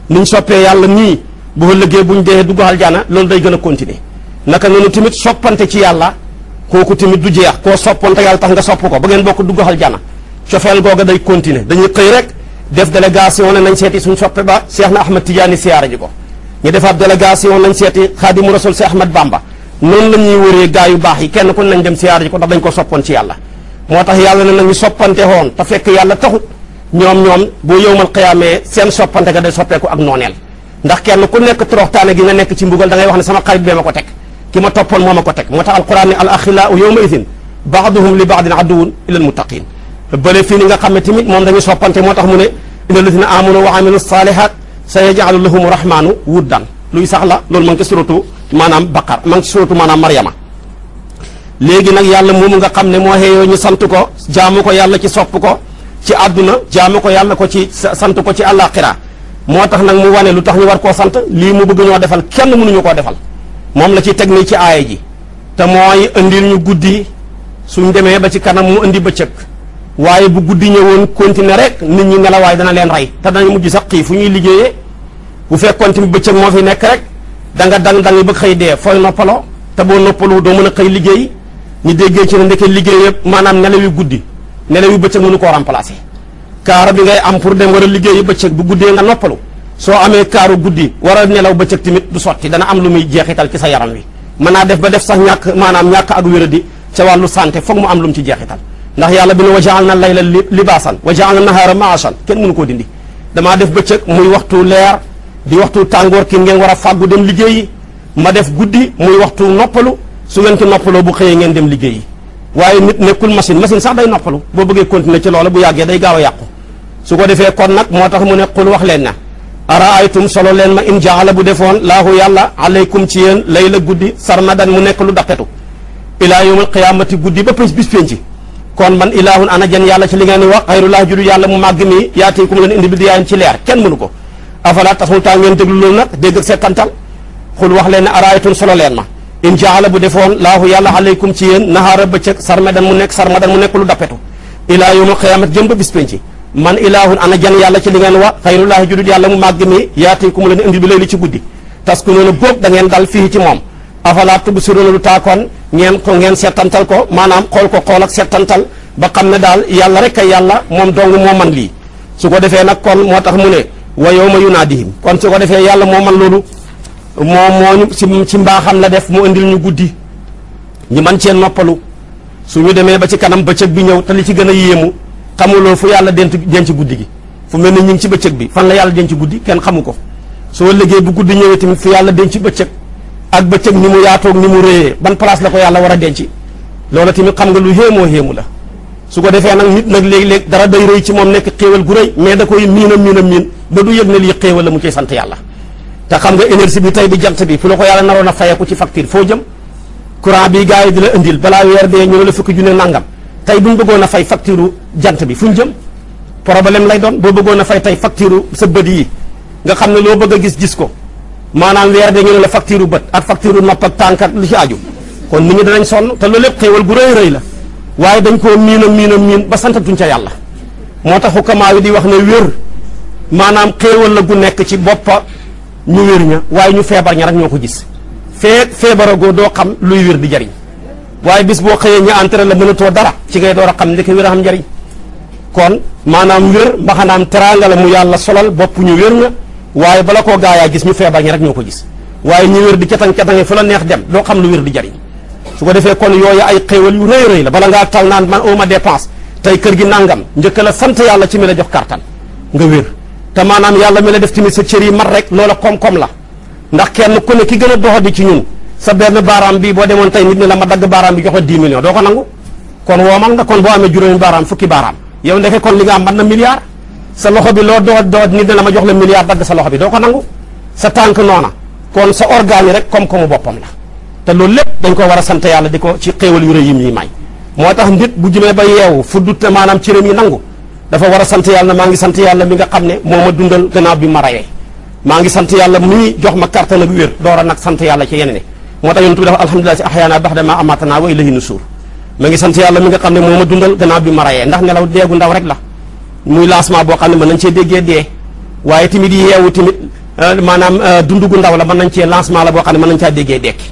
niñ soppee yàlla nii bu ëllëgee buñ dee dugg jaana loolu day gën a continuer naka noonu tamit soppante ci yàlla kooku tamit du jeex koo soppante yàlla tax nga sopp ko ba ngeen bokk dugg aljanna cofeel googa day continuer dañuy xëy rek def délégation ne nañ seeti suñ soppe ba Cheikh na Ahmad Tidiane siyaara ji ko ñu defaat délégation nañ seeti xaadimu rasul si Ahmad Bamba noonu la ñuy wëree gaa yu baax yi kenn ku nañ dem siyaara ji ko ndax dañ ko soppoon ci yàlla moo tax yàlla ne nañu soppante woon te fekk yàlla taxut ñoom ñoom boo yowmal xiyaamee seen soppante ga day soppeeku ak nooneel ndax kenn ku nekk toroxtaane gi nga nekk ci mbugal da wax ne sama xarit ko teg ki ma toppoon ko teg moo tax alquran ne al axilaau yawma idin baaduhum li baadin aduwun bële fii li nga xam ne tamit moom dañu soppante moo tax mu ne inna ne amanu wa amilu salihat sa yajalu lahum rahmanu wuddan luy sax la loolu ma ngi ci suratu maanaam baqar ma ngi ci suratu maanaam maryama léegi nag yàlla moomu nga xam ne moo xeeyoo ñu sant ko jaamu ko yàlla ci sopp ko ci àdduna jaamu ko yàlla ko ci sant ko ci àllaaxira moo tax nag mu wane lu tax ñu war koo sant lii mu bëgg ñoo defal kenn mënuñu koo defal moom la ci teg nii ci aaya ji te mooy indil guddi suñ demee ba ci kanam mu indi bëccëg waaye bu guddi ñëwoon continuer rek nit ñi nelawaay dana leen rey te danañ mujj sax xii fu ñuy liggéeye bu fekkoon tamit bëccëg moo fi nekk rek da nga dang dang ba xëy dee fooy noppaloo te boo noppaloo doo mën a xëy liggéey ñu déggee ci ne ndeke liggéey yëpp maanaam nelaw yu guddi nelaw yu bëccëg mënu koo remplacer. kaara bi ngay am pour dem war a liggéeyi bëccëg bu guddee nga noppalu soo amee kaaru guddi war a nelaw bëccëg tamit du sotti dana am lu muy jeexital ci sa yaram wi mën naa def ba def sax ñàkk maanaam ñàkk ak wéradi ca wàllu santé foog mu am lu mu ci jeexital ndax yàlla bi ne wa jaal na layla libaasan wa jaal na nahaara maasan kenn mënu koo dindi damaa def ba bëccëg muy waxtu leer di waxtu tàngoor ki ngeen war a fàggu dem liggéeyi ma def guddi muy waxtu noppalu su ngeen ci noppaloo bu xëyee ngeen dem liggéeyi waaye nit nekkul machine machine sax day noppalu boo bëggee continuer ci loola bu yàggee day gaaw a yàqu su ko defee kon nag moo tax mu ne qul wax leen na a araaytum solo leen ma in jaala bu defoon laahu yàlla aleykum ci yéen layla guddi sarmadan mu nekk lu dappetu ilaa yawmal qiyaamati guddi ba pés bis pénci kon man ilaahun ana jën yàlla ci li ngeen di wax xayrullah judu yàlla mu màgg mi yaati ku mu leen indi bi diyaayan ci leer kenn mënu ma in jaala yàlla mu nekk lu dappetu ilaa yawma xiyaamat jëm ba bis penci man ilaahun ana jën yàlla ci li ngeen wax xayrullah judu yàlla mu màgg mi yaati ku mu leen indi bi layli ci guddi tas ku noonu boob da dal fii ci moom afala tubsiruuna lu taakoon ngeen ko ngeen seetantal ko maanaam xool ko xool ak seetantal ba xam ne daal yàlla rek a yàlla moom dong moo man lii su ko defee nag kon moo tax mu ne wa yawma yunaadihim kon su ko defee yàlla moo man loolu moom mooñu ci ci mbaaxam la def mu indil ñu guddi ñu man cee noppalu su ñu demee ba ci kanam bëccëg bi ñëw te li ci gën a yéemu xamuloo fu yàlla denc denc guddi gi fu mel ni ñu ngi ci bëccëg bi fan la yàlla denc guddi kenn xamu ko soo liggéey bu guddi ñëwee tamit fu yàlla denc bëccëg ak bëccëg ni mu yaatoog ni mu réyee ban place la ko yàlla war a denc loola tamit xam nga lu xéemoo xéemu la su ko defee nag nit nag léeg dara day rëy ci moom nekk xéewal gu rëy mais da koy miin a miin a miin ba du yëg ne lii xéewal sant yàlla te xam nga énergie bi tey bi jant bi fu la ko yàlla naroon a fayeeku ci facture foo jëm courant bi gars yi la indil balaa weer dee ñu ne la fukki junne nangam tey bu ñu bëggoon a fay facture jant bi fu ñu jëm problème lay doon boo bëggoon a fay tey facture sa bët yi nga xam ne loo bëgg a gis gis ko maanaam weer de ñu ne la facture bët ak facture nopp ak tànk lu ci aju kon nit ñi danañ sonn te loolu lépp xéewal gu rëy rëy la waaye dañ koo miin a miin a miin ba santatuñ ca yàlla moo tax xukamaa yi di wax ne wér maanaam xéewal la gu nekk ci boppa ñu wér ña waaye ñu feebar ña rek ñoo ko gis fee goo doo xam luy wér di jariñ waaye bis boo xëyee ña entre la mënatoo dara ci ngay door a xam ndeke wér a xam njariñ kon maanaam wér mbaxanaam teraanga mu yàlla solal bopp ñu wér waaye bala koo gaayaa gis ñu feebar ñi rek ñoo ko gis waaye ñu wér di catang-catange fu la neex dem doo xam lu wér di jariñ su ko defee kon yooyu ay xéewal yu rëy rëy la bala ngaa tal naan man oma dépense tey kër gi nangam njëkka la sant yàlla ci mi la jox kartan nga wér te maanaam yàlla mi la def tamit sa cër yi mat rek loola koom-koom la ndax kenn ku ne ki gën a di ci ñun sa benn baaraam bi boo demoon tey nit ne la ma dagg baaraam bi joxe 10 millions doo ko nangu kon woomal nga kon boo amee fukki baaraam yow ndeke kon li nga am mën na milliard sa loxo bi loo doot doot nit ne la ma jox la milliard dagg sa loxo bi doo ko nangu sa tànk noona kon sa organe yi rek koom-koomu boppam la te loolu lépp dañ ko war a sant yàlla di ko ci xéewal yu rëy yi ñuy may moo tax nit bu jëmee ba yeewu fu dute maanaam cëram yi nangu dafa war a sant yàlla maa ngi sant yàlla mi nga xam ne moo ma dundal gannaaw bi ma rayee maa ngi sant yàlla muy jox ma kàttan ak a nag sant yàlla ci moo tax yonent bi dafa alhamdulilah si ahyaana ba'da ma amatanaa wa yàlla mi nga xam ne moo ma dundal gannaaw bi ma rayee ndax nelaw deegu ndaw rek la muy lancement boo xam ne mën nañ cee déggee dee waaye tamit yeewu tamit euh, maanaam euh, dund gu ndaw la mën nañ cee lancement la boo xam ne mën nañ caa déggee dekki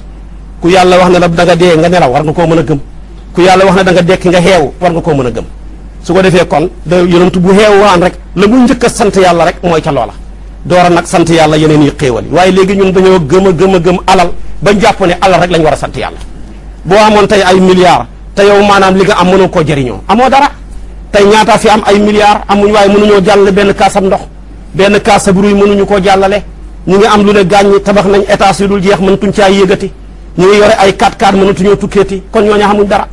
ku yàlla wax ne la da nga dee nga nelaw war nga koo mën a gëm ku yàlla wax ne da nga dekki nga xeewu war nga koo mën a gëm su ko defee kon da yonent bu xeewu waan rek la mu njëkk a sant yàlla rek mooy ca loola doora nag sant yàlla yeneen yi xéewal yi waaye léegi ñun dañoo gëm a gëm a gëm alal bañ jàpp ne alal rek lañ war a sant yàlla boo amoon tey ay milliards te yow maanaam li nga am mënoo koo jëriñoo amoo dara tey ñaata fi am ay milliards amuñ waaye mënuñoo jàllale benn kaasam ndox benn kaasab ruy mënuñu koo jàllale ñu ngi am lu ne gàññi tabax nañ état yu dul jeex mëntuñ caa yëgati ñu ngi yore ay 4x4 mënatuñoo tukkeeti kon ñooñu xamuñ dara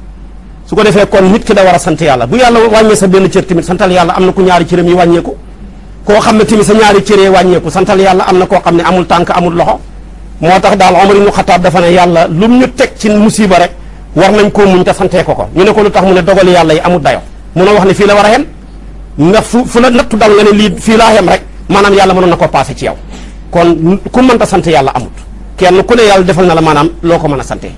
su ko defee kon nit ki da sant yàlla bu yàlla wàññee sa benn cër tamit santal yàlla am na ku ñaari cëram yi wàññeeku koo xam ne tamit sa ñaari cëree wàññeeku santal yàlla am na koo xam ne amul tànk amul loxo moo tax daal Omar ibnu Xataab dafa ne yàlla lum ñu teg ci musiba rek war nañ koo muñ te santee ko ñu ne ko lu tax mu ne dogali amul dayo mun a wax ne fii la war a yem ndax fu fu la nattu dal nga ne lii fii laa yem rek maanaam yàlla mën na koo passé ci yow kon ku mënta sant yàlla amut kenn ku ne yàlla defal na la maanaam loo ko mën a sante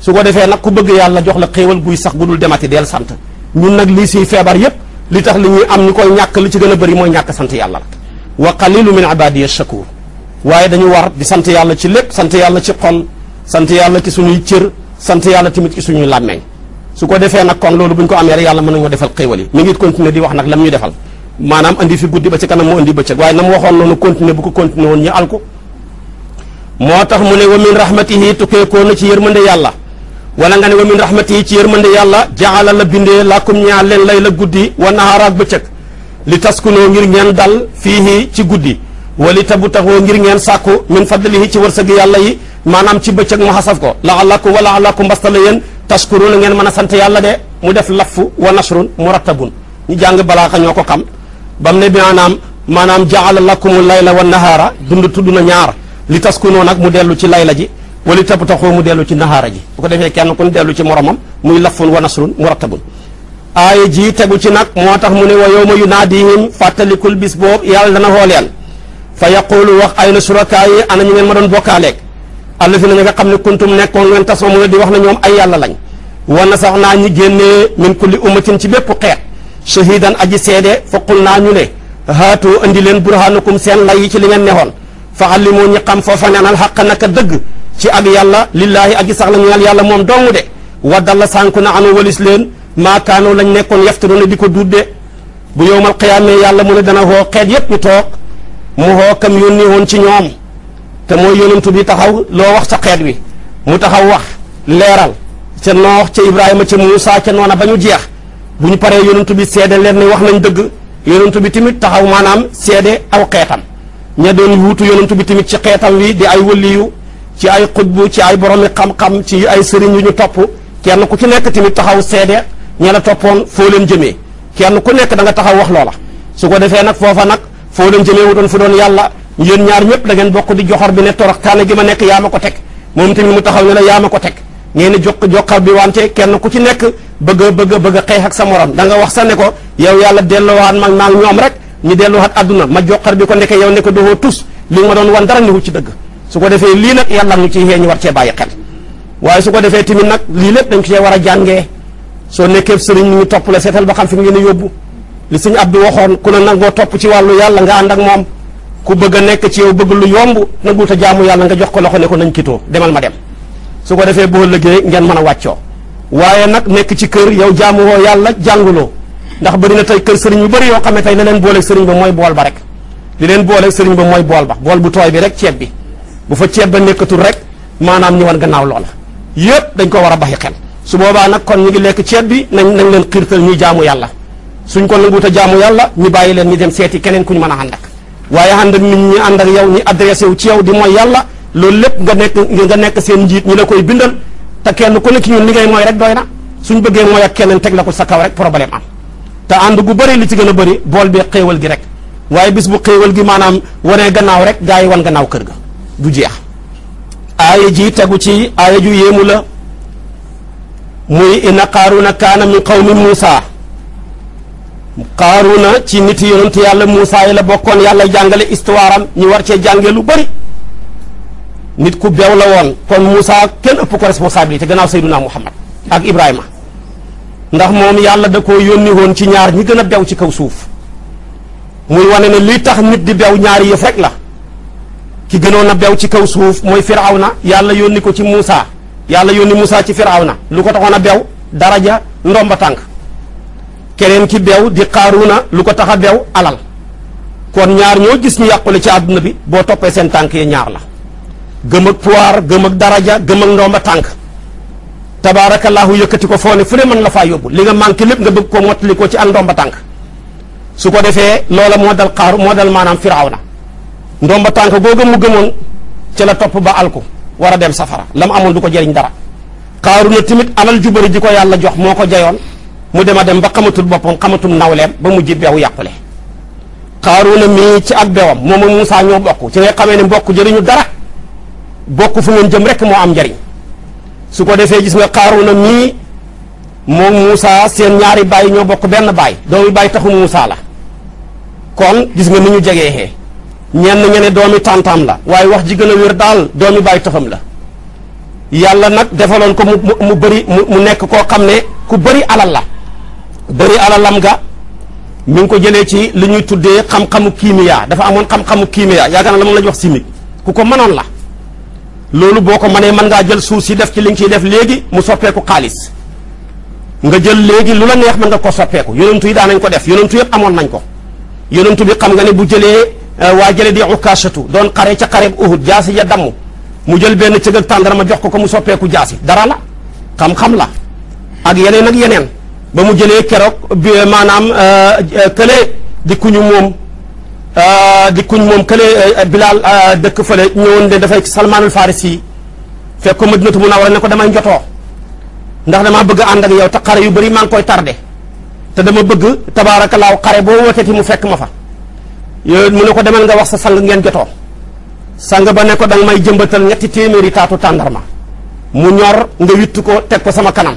su ko defee nag ku bëgg yàlla jox la xéewal guy sax gu dul demati del sant ñun nag lii siy feebar yépp li tax li ñuy am ñu koy ñàkk li ci gën a bëri mooy ñàkk sant yàlla la wa qalilu min ibadiya shakur waaye dañu war di sant yàlla ci lépp sant yàlla ci xol sant yàlla ci suñuy cër sant yàlla tamit ci suñuy làmmeñ su ko defee nag kon loolu bu ñu ko amee rek yàlla mën nañoo defal xéewal yi mi ngi continuer di wax nag lam ñu defal maanaam andi fi guddi ba ci kanam moo andi bëccëg waaye na mu waxoon noonu continuer bu ko continuer woon ñu al ko moo tax mu ne wa min rahmatihi tukkeekoo na ci yërmande yàlla wala nga ne wa min rahmatihi ci yërmande yàlla jaala la bindee lakum ñaar leen lay la guddi wa nahaara ak bëccëg li taskunoo ngir ngeen dal fiihi ci guddi wali tabu taxoo ngir ngeen sàkku min fadlihi ci wërsëg yàlla yi maanaam ci bëccëg mu xasaf ko laalaku walaalaku mbasta la yéen tashkuruna ngeen mën a sant yàlla de mu def laffu wa nashrun murattabun ñu jàng balaaxa ñoo ko xam bam ne bi maanaam maanaam jaala lakumu layla wa nahaara dund tudd na ñaar li taskunoo nag mu dellu ci layla ji wali tabtaxoo mu dellu ci nahaara ji bu ko defee kenn ku ne dellu ci moromam muy laffun wa nasrun murattabun aaya jii tegu ci nag moo tax mu ne wa yawma yunaadihim fàttalikul bis boobu yàlla dana xool yan fa yaqulu wax ayna surakaa yi ana ñu ngeen ma doon bokkaaleeg àll xam ne kuntum nekkoon ngeen tas moom mu na ñoom ay yàlla lañ wa nasaxnaa ñi génnee min kulli ummatin ci bépp xeet shahidan aji seede fa qul naa ñu ne haatu andi leen burhaanakum seen lay yi ci li ngeen neexoon fa allimoo ñi xam foofa neen al xaq naka dëgg ci ak yàlla lillaahi aji sax la ñeel yàlla moom dong de wa dalla sànku na anu walis leen maakaanoo lañ nekkoon yaftaroona di ko dudde bu yowmal qiyaamee yàlla mu ne dana hoo xeet yépp ñu toog mu hoo kam yónni woon ci ñoom te mooy yonentu bi taxaw loo wax sa xeet wi mu taxaw wax leeral ca noox ci ibrahima ca muusa ca noona ba ñu jeex bu ñu paree yonentu bi seede leen ne wax nañ dëgg yonentu bi tamit taxaw maanaam seede aw xeetam ña doon wuutu yonentu bi tamit ci xeetam wi di ay wëliyu ci ay xutbu ci ay boromi xam-xam ci ay sëriñ yu ñu topp kenn ku ci nekk tamit taxaw seede ña la toppoon foo leen jëmee kenn ku nekk da nga taxaw wax loola su ko defee nag foofa nag foo leen jëmee wutoon fu doon yàlla yéen ñaar ñëpp da ngeen bokk di joxor bi ne torox kaane gi ma nekk yaa ma ko teg moom mu taxaw ne la yaa ko teg ngeen di jox joxar bi wante kenn ku ci nekk bëgg a bëgg bëgg a xeex ak sa morom da nga wax sa ne ko yow yàlla delluwaat ma maa ñoom rek ñu delluwaat adduna ma joxar bi ko ndeke yow ne ko doxoo tus li ma doon wan dara niwu ci dëgg su ko defee lii nag yàlla ñu ciy xee ñu war cee bàyyi xel waaye su ko defee tamit nag lii lépp dañ ko cee war a jàngee soo nekkee sëriñ ñu topp la seetal ba xam fi ngeen yóbbu li sëñ Abdou waxoon ku la nangoo topp ci wàllu yàlla nga ànd ak moom ku bëgg nekk ci yow bëgg lu yomb nanguut a jaamu yàlla nga jox ko loxo ne ko nañ kitoo demal ma dem su ko defee boo liggéey ngeen man a wàccoo waaye nag nekk ci kër yow jaamuwoo yàlla jànguloo ndax bëri na tey kër sëriñ yu bëri yoo xam ne tey leen booleeg sëriñ ba mooy bool ba li leen booleeg sëriñ ba mooy bool ba bool bu tooy bi rek ceeb bi bu fa ceeb ba nekkatul rek maanaam ñu wan gannaaw loola yëpp dañ ko war a baxi xel su boobaa nag kon ñu ngi lekk ceeb bi nañ nañ leen xiirtal ñuy jaamu yàlla suñ ko nanguut a jaamu yàlla ñu bàyyi leen ñu dem seeti keneen ku ñu mën a ànd ak waaye ànd ak nit ñi ànd ak yow ñu adressé wu ci yow di mooy yàlla loolu lépp nga nekk nga nekk seen njiit ñu la koy bindal te kenn ku nekk ñun li ngay mooy rek doy na suñ bëggee mooy ak kenn teg la ko sa kaw rek problème am te ànd gu bare li ci gën a bëri bool bee xéewal gi rek waaye bis bu xéewal gi maanaam wanee gannaaw rek gaa yi wan gannaaw kër ga du jeex aaya ji tegu ci aaya ju yéemu la muy inna qaaruna kaana min qawmi Muusa na ci nit yonent yàlla Muusa yi la bokkoon yàlla jàngale histoire am ñu war cee jàngee lu bëri nit ku beew la woon kon Moussa kenn ëpp ko responsabilité gannaaw Seydouna Muhammad ak Ibrahima ndax moom yàlla da koo yónni woon ci ñaar ñi gën a beew ci kaw suuf muy wane ne lii tax nit di beew ñaari yëf la ki gënoon a beew ci kaw suuf mooy Firawna yàlla yónni ko ci Moussa yàlla yónni Moussa ci Firawna lu ko taxoon a beew daraja ndomba tànk keneen ki beew di Qaaruuna lu ko tax a beew alal kon ñaar ñoo gis ñu yàqule ci àdduna bi boo toppee seen tànk yi ñaar la gëm ak pouvoir gëm ak daraja gëm ak ndomba tànk tabaarakallaahu yëkkati ko foo fu ne mën la faa yóbbu li nga manqué lépp nga bëgg koo mottali ko ci an ndomba tànk su ko defee loola moo dal xaaru moo dal maanaam firawna ndomba tànk googu mu gëmoon ci la topp ba alku war a dem safara la mu amoon du ko jëriñ dara xaaru na timit alal ju bëri ji ko yàlla jox moo ko jayoon mu dem a dem ba xamatul boppam xamatul nawleem ba mujj beewu yàqule xaaru na mii ci ak bewam moom Muusaa ñoo bokk ci nga xamee ne mbokk jëriñu dara bokk fu ngeen jëm rek moo am njariñ su ko defee gis nga Qaaruuna mii moom Muusa seen ñaari baay ñoo bokk benn baay doomi baay taxu Muusa la kon gis nga ni ñu jegeexee ñenn ñene doomi tàntaam la waaye wax ji gën a wér daal doomi baay taxam la yàlla nag defaloon ko mu mu bëri mu nekk koo xam ne ku bari alal la bëri alalam ga mi ngi ko jëlee ci li ñuy tuddee xam-xamu kiimiyaa dafa amoon xam-xamu kiimiyaa yaakaar naa la moom la ñu wax chimique ku ko mënoon la loolu boo ko manee mën ngaa jël suuf si def ci li nga ciy def léegi mu soppeeku xaalis nga jël léegi lu la neex mën nga ko soppeeku yonentu yi nañ ko def yonentu yëpp amoon nañ ko yonentu bi xam nga ne bu jëlee euh, waa jële di ukaasatu doon xaree ca xareb uhud jaasi ja damm mu jël benn cëg ak ma jox ko ko mu soppeeku jaasi dara la xam-xam la ak yeneen ak yeneen ba mu jëlee keroog bi maanaam euh, euh, kële di kuñu moom Ah, di kuñ moom kële eh, Bilal ah, dëkk fële ñëwoon de dafay Salmaanul Farisi fekk ko Madinatu Munawwara ne ko damay njotoo ndax damaa bëgg ànd ak yow te xare yu bëri maa ngi koy tardé te dama bëgg tabaarakallaahu xare boo wootee mu fekk ma fa yooyu mu ne ko demee nga wax sa sang ngeen jotoo sang ba ne ko danga may jëmbatal ñetti téeméeri taatu tàndarma mu ñor nga witt ko teg ko sama kanam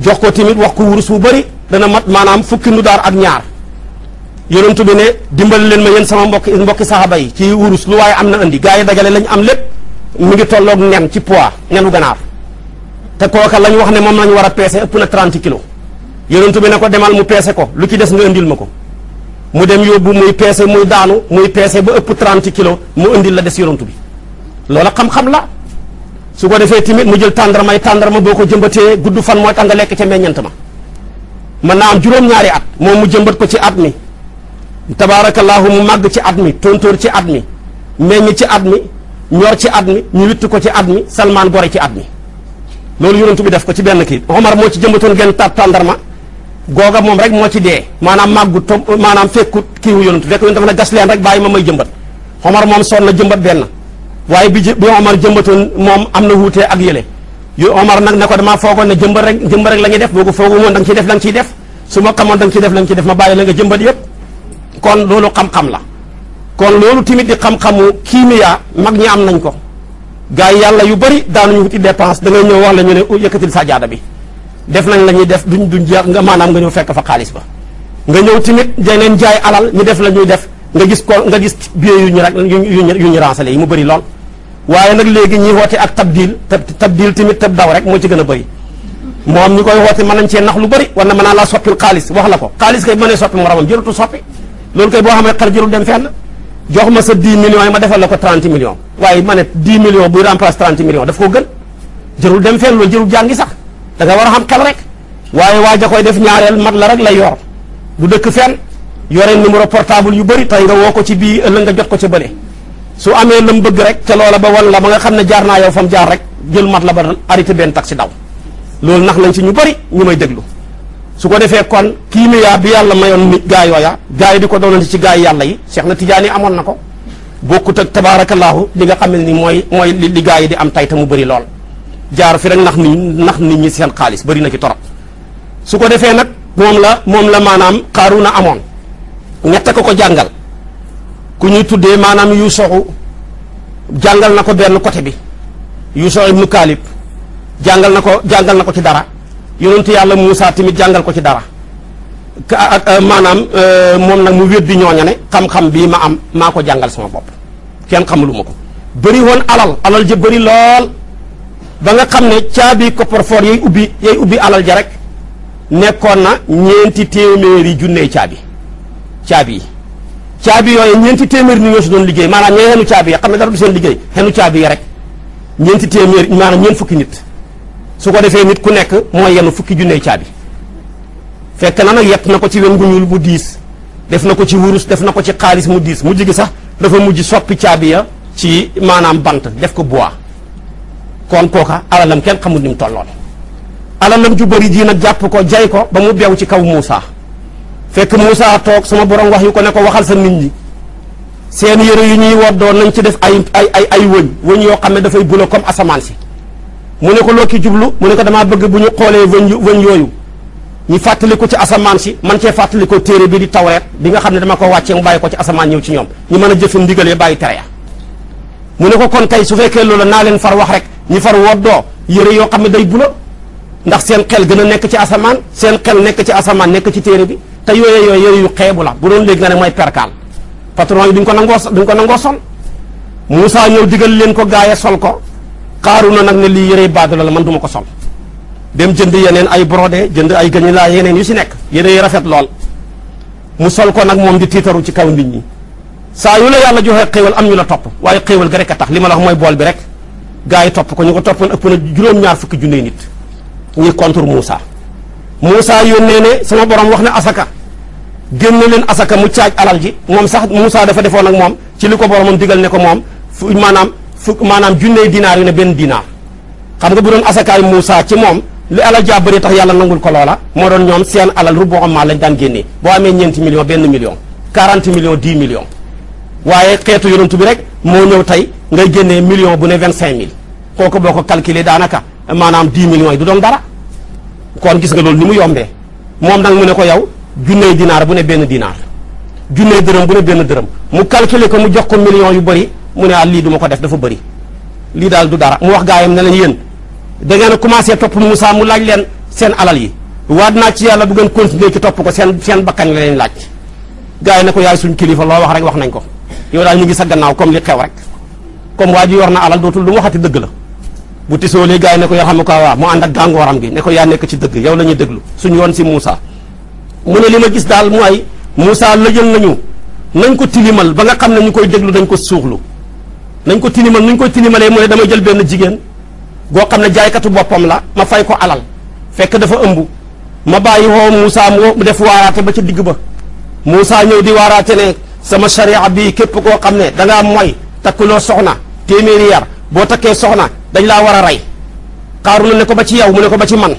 jox ko tamit wax ko wurus bu bëri dana mat maanaam fukki nu daar ak ñaar yonent bi ne dimbali leen ma yéen sama mbokki mbokki saxaaba yi ci wurus lu waaye am na andi gaa yi dajale lañ am lépp mi ngi tolloog nen ci poids nenu ganaar te kooka lañ wax ne moom lañ war a peese ëpp na 30 kilos yonent bi ne ko demal mu peese ko lu ci des nga indil ma ko mu dem yóbbu muy peese muy daanu muy peese ba ëpp 30 kilos mu indil la des yonent bi loola xam-xam la su ko defee tamit mu jël tàndarmay tàndarma boo ko jëmbatee gudd fan mooy tax nga lekk ca meññant ma mën naa am juróom-ñaari at moom mu jëmbat ko ci at mi tabaarakallaahu mu màgg ci at mi tóntóor ci at mi meññ ci at mi ñor ci at mi ñu witt ko ci at mi salmaan gore ci at mi loolu yonent bi def ko ci benn kii Omar moo ci jëmbatoon genn taat tàndarma googa moom rek moo ci dee maanaam màggu tom maanaam fekkut kiiwu yonent fekk yonent dafa ne gas leen rek bàyyi ma may jëmbat Omar moom sonn na jëmbat benn waaye bi bi Omar jëmbatoon moom am na wuutee ak yële yu Omar nag ne ko damaa foogoon ne jëmbat rek jëmbat rek la ñuy def boo ko foogu moon da nga ciy def la nga def su ma xamoon da def la nga def ma bàyyi la nga jëmbat yëpp kon loolu xam-xam la kon loolu tamit di xam-xamu kiimiya mag ñi am nañ ko gars yàlla yu bari daanuñu wuti dépense da ngay ñëw wax la ñu ne oh, yëkkatil jaada bi def nañ la ñuy def du duñ jeex nga maanaam nga ñëw fekk fa xaalis ba nga ñëw tamit jeneen jaay alal ñu def la ñuy def nga gis ko nga gis biee yu ñu rek yu ñu ransale yi mu bëri lool waaye nag léegi ñi woote ak tabdil tabdil tamit tab daw rek moo ci gën a bëri moom ñi koy woote mën nañ cee nax lu bëri war na mën naa laa soppil wax la ko xaalis kay mënee soppi moromam jëlatu loolu koy boo xam ne xar jërul dem fenn jox ma sa 10 million yi ma defal la ko 30 millions waaye ma ne 10 millions buy remplace 30 millions daf ko gën jarul dem fenn loolu jërul jàngi sax danga war a xam xel rek waaye waa ja koy def ñaareel mat la rek lay yor du dëkk fenn yore numéro portable yu bëri tey nga woo ko ci bii ëllëg nga jot ko ci bële su amee lam bëgg rek ca loola ba wan la ba nga xam ne jaar naa yow fam jaar rek jël mat la ba arrêté benn taxi daw loolu nax nañ ci ñu bëri may déglu su ko defee kon kiimiyaa bi yàlla mayoon nit gaa yooya gaa yi di ko doonante ci gaa yi yàlla yi Cheikh na Tidiane amoon na ko boo bokkut ak tabaarakallaahu li nga xam ne ni mooy mooy li gaa yi di am tay te mu bari lool jaar fi rek ndax nit ndax nit ñi seen xaalis bëri na ci torop su ko defee nag moom la moom la maanaam Qaaruuna amoon ñett ko ko jàngal ku ñuy tuddee maanaam Yuusuxu jàngal na ko benn côté bi Yuusuf ibnu Kaalib jàngal na ko jàngal na ko ci dara yonentu yàlla Moussa tamit jàngal ko ci dara ak maanaam euh, moom nag mu weddi ñooña ne xam-xam bii ma am maa ko jàngal sama bopp kenn xamulu ma ko bari woon alal alal ja bari lool ba nga xam ne caabi coffre-fort yay ubbi yay ubbi alal ja rek nekkoon na ñeenti téeméeri junney caabi caabi yi caabi yooyu ñeenti téeméeri ni ñoo si doon liggéey maanaam ñooy xenu caabi yi xam ne dara du seen liggéey xenu caabi yi rek ñeenti téeméeri maanaam ñeent fukki nit su ko defee nit ku nekk moo yenu fukki junney caabi fekk na nag yett na ko ci wen gu ñuul mu diis def na ko ci wurus def na ko ci xaalis mu diis mu gi sax dafa mujj soppi caabi ya ci maanaam bant def ko bois kon kooka alalam kenn xamul ni mu tolloon alalam ju bari jii nag jàpp ko jay ko ba mu bew ci kaw Moussa fekk Moussa toog sama borom wax yu ko ne ko waxal sa nit ñi seen yëre yu ñuy woddoo nañ ci def ay ay ay ay wëñ wëñ yoo xam ne dafay bula comme asamaan si mu ne ko loo jublu mu ne ko damaa bëgg bu ñu xoolee wëñ wëñ yooyu ñu fàttali ko ci asamaan si man see fàttali ko téere bi di tawreet bi nga xam ne dama ko wàccee mu bàyyi ko ci asamaan ñëw ci ñoom ñu mën a jëfe ndigalee bàyyi tere ya mu ne ko kon tey su fekkee loola naa leen far wax rek ñu far woddoo yëre yoo xam ne day bula ndax seen xel gën a nekk ci asamaan seen xel nekk ci asamaan nekk ci téere bi te yooye yooyu yëre yu xeebu la bu doon léegi nga ne mooy perkaal patron yi duñ ko nangoo duñ ko nangoo sol Moussa ñëw digal leen ko gaaya sol ko xaaru na nag ne lii yëre baadu la man duma ko sol dem jënd yeneen ay brodé jënd ay gañi laa yeneen yu si nekk yére yi rafet lool mu sol ko nag moom di tiitaru ci kaw nit ñi saa yu la yàlla joxee xéewal am ñu la topp waaye xéewal ga rek a tax li ma la wax mooy bool bi rek gars yi topp ko ñu ko toppoon ëpp na juróom-ñaar fukki junne nit ñuy contre Moussa Moussa yónnee ne sama borom wax ne asaka génn leen asaka mu caaj alal ji moom sax Moussa dafa defoo ak moom ci li ko boromam digal ne ko moom fu maanaam fukk maanaam junney dinaar yu ne benn dinaar xam nga bu doon asakaay Moussa ci moom li alal jaa bëri tax yàlla nangul ko loola moo doon ñoom seen alal rubu maa lañ daan génnee boo amee ñeenti million benn million 40 millions 10 waaye xeetu yonantu bi rek moo ñëw tey ngay génnee million bu ne 25000 kooku boo ko calculer daanaka maanaam di millions yi du doon dara kon gis nga loolu ni mu yombee moom nag mu ne ko yow junney dinaar bu ne benn dinaar junney dërëm bu ne benn dërëm mu calculer ko mu jox ko million yu bëri mu ne ah lii du ma ko def dafa bëri lii daal du dara mu wax gaayam ne leen yéen da ngeen commencé topp Moussa mu laaj leen seen alal yi waat naa ci yàlla bu ngeen continuer ci topp ko seen seen bakkan la leen laaj gars yi ne ko yaay suñ kilifa loo wax rek wax nañ ko yow daal ñu ngi sa gannaaw comme li xew rek comme waa ji yor na alal dootul lu mu waxati dëgg la bu tisoolee gars yi ne ko yoo xam ne ko waa mu ànd ak gàngooram gi ne ko yaa nekk ci dëgg yow la ñuy déglu suñ yoon si Moussa mu ne li ma gis daal mooy Moussa lëjal nañu nañ ko tilimal ba nga xam ne ñu koy déglu dañ ko suuxlu nañ ko tilimal nuñ ko tilimalee mu ne dama jël benn jigéen goo xam ne jaaykatu boppam la ma fay ko alal fekk dafa ëmbu ma bàyyi woo Moussa mu def waaraate ba ca digg ba Moussa ñëw di waaraate ne sama sharia bii képp koo xam ne danga dangaa mooy takkuloo soxna téeméeri yar boo takkee soxna dañ laa war a rey xaaruna ne ko ba ci yow mu ne ko ba ci man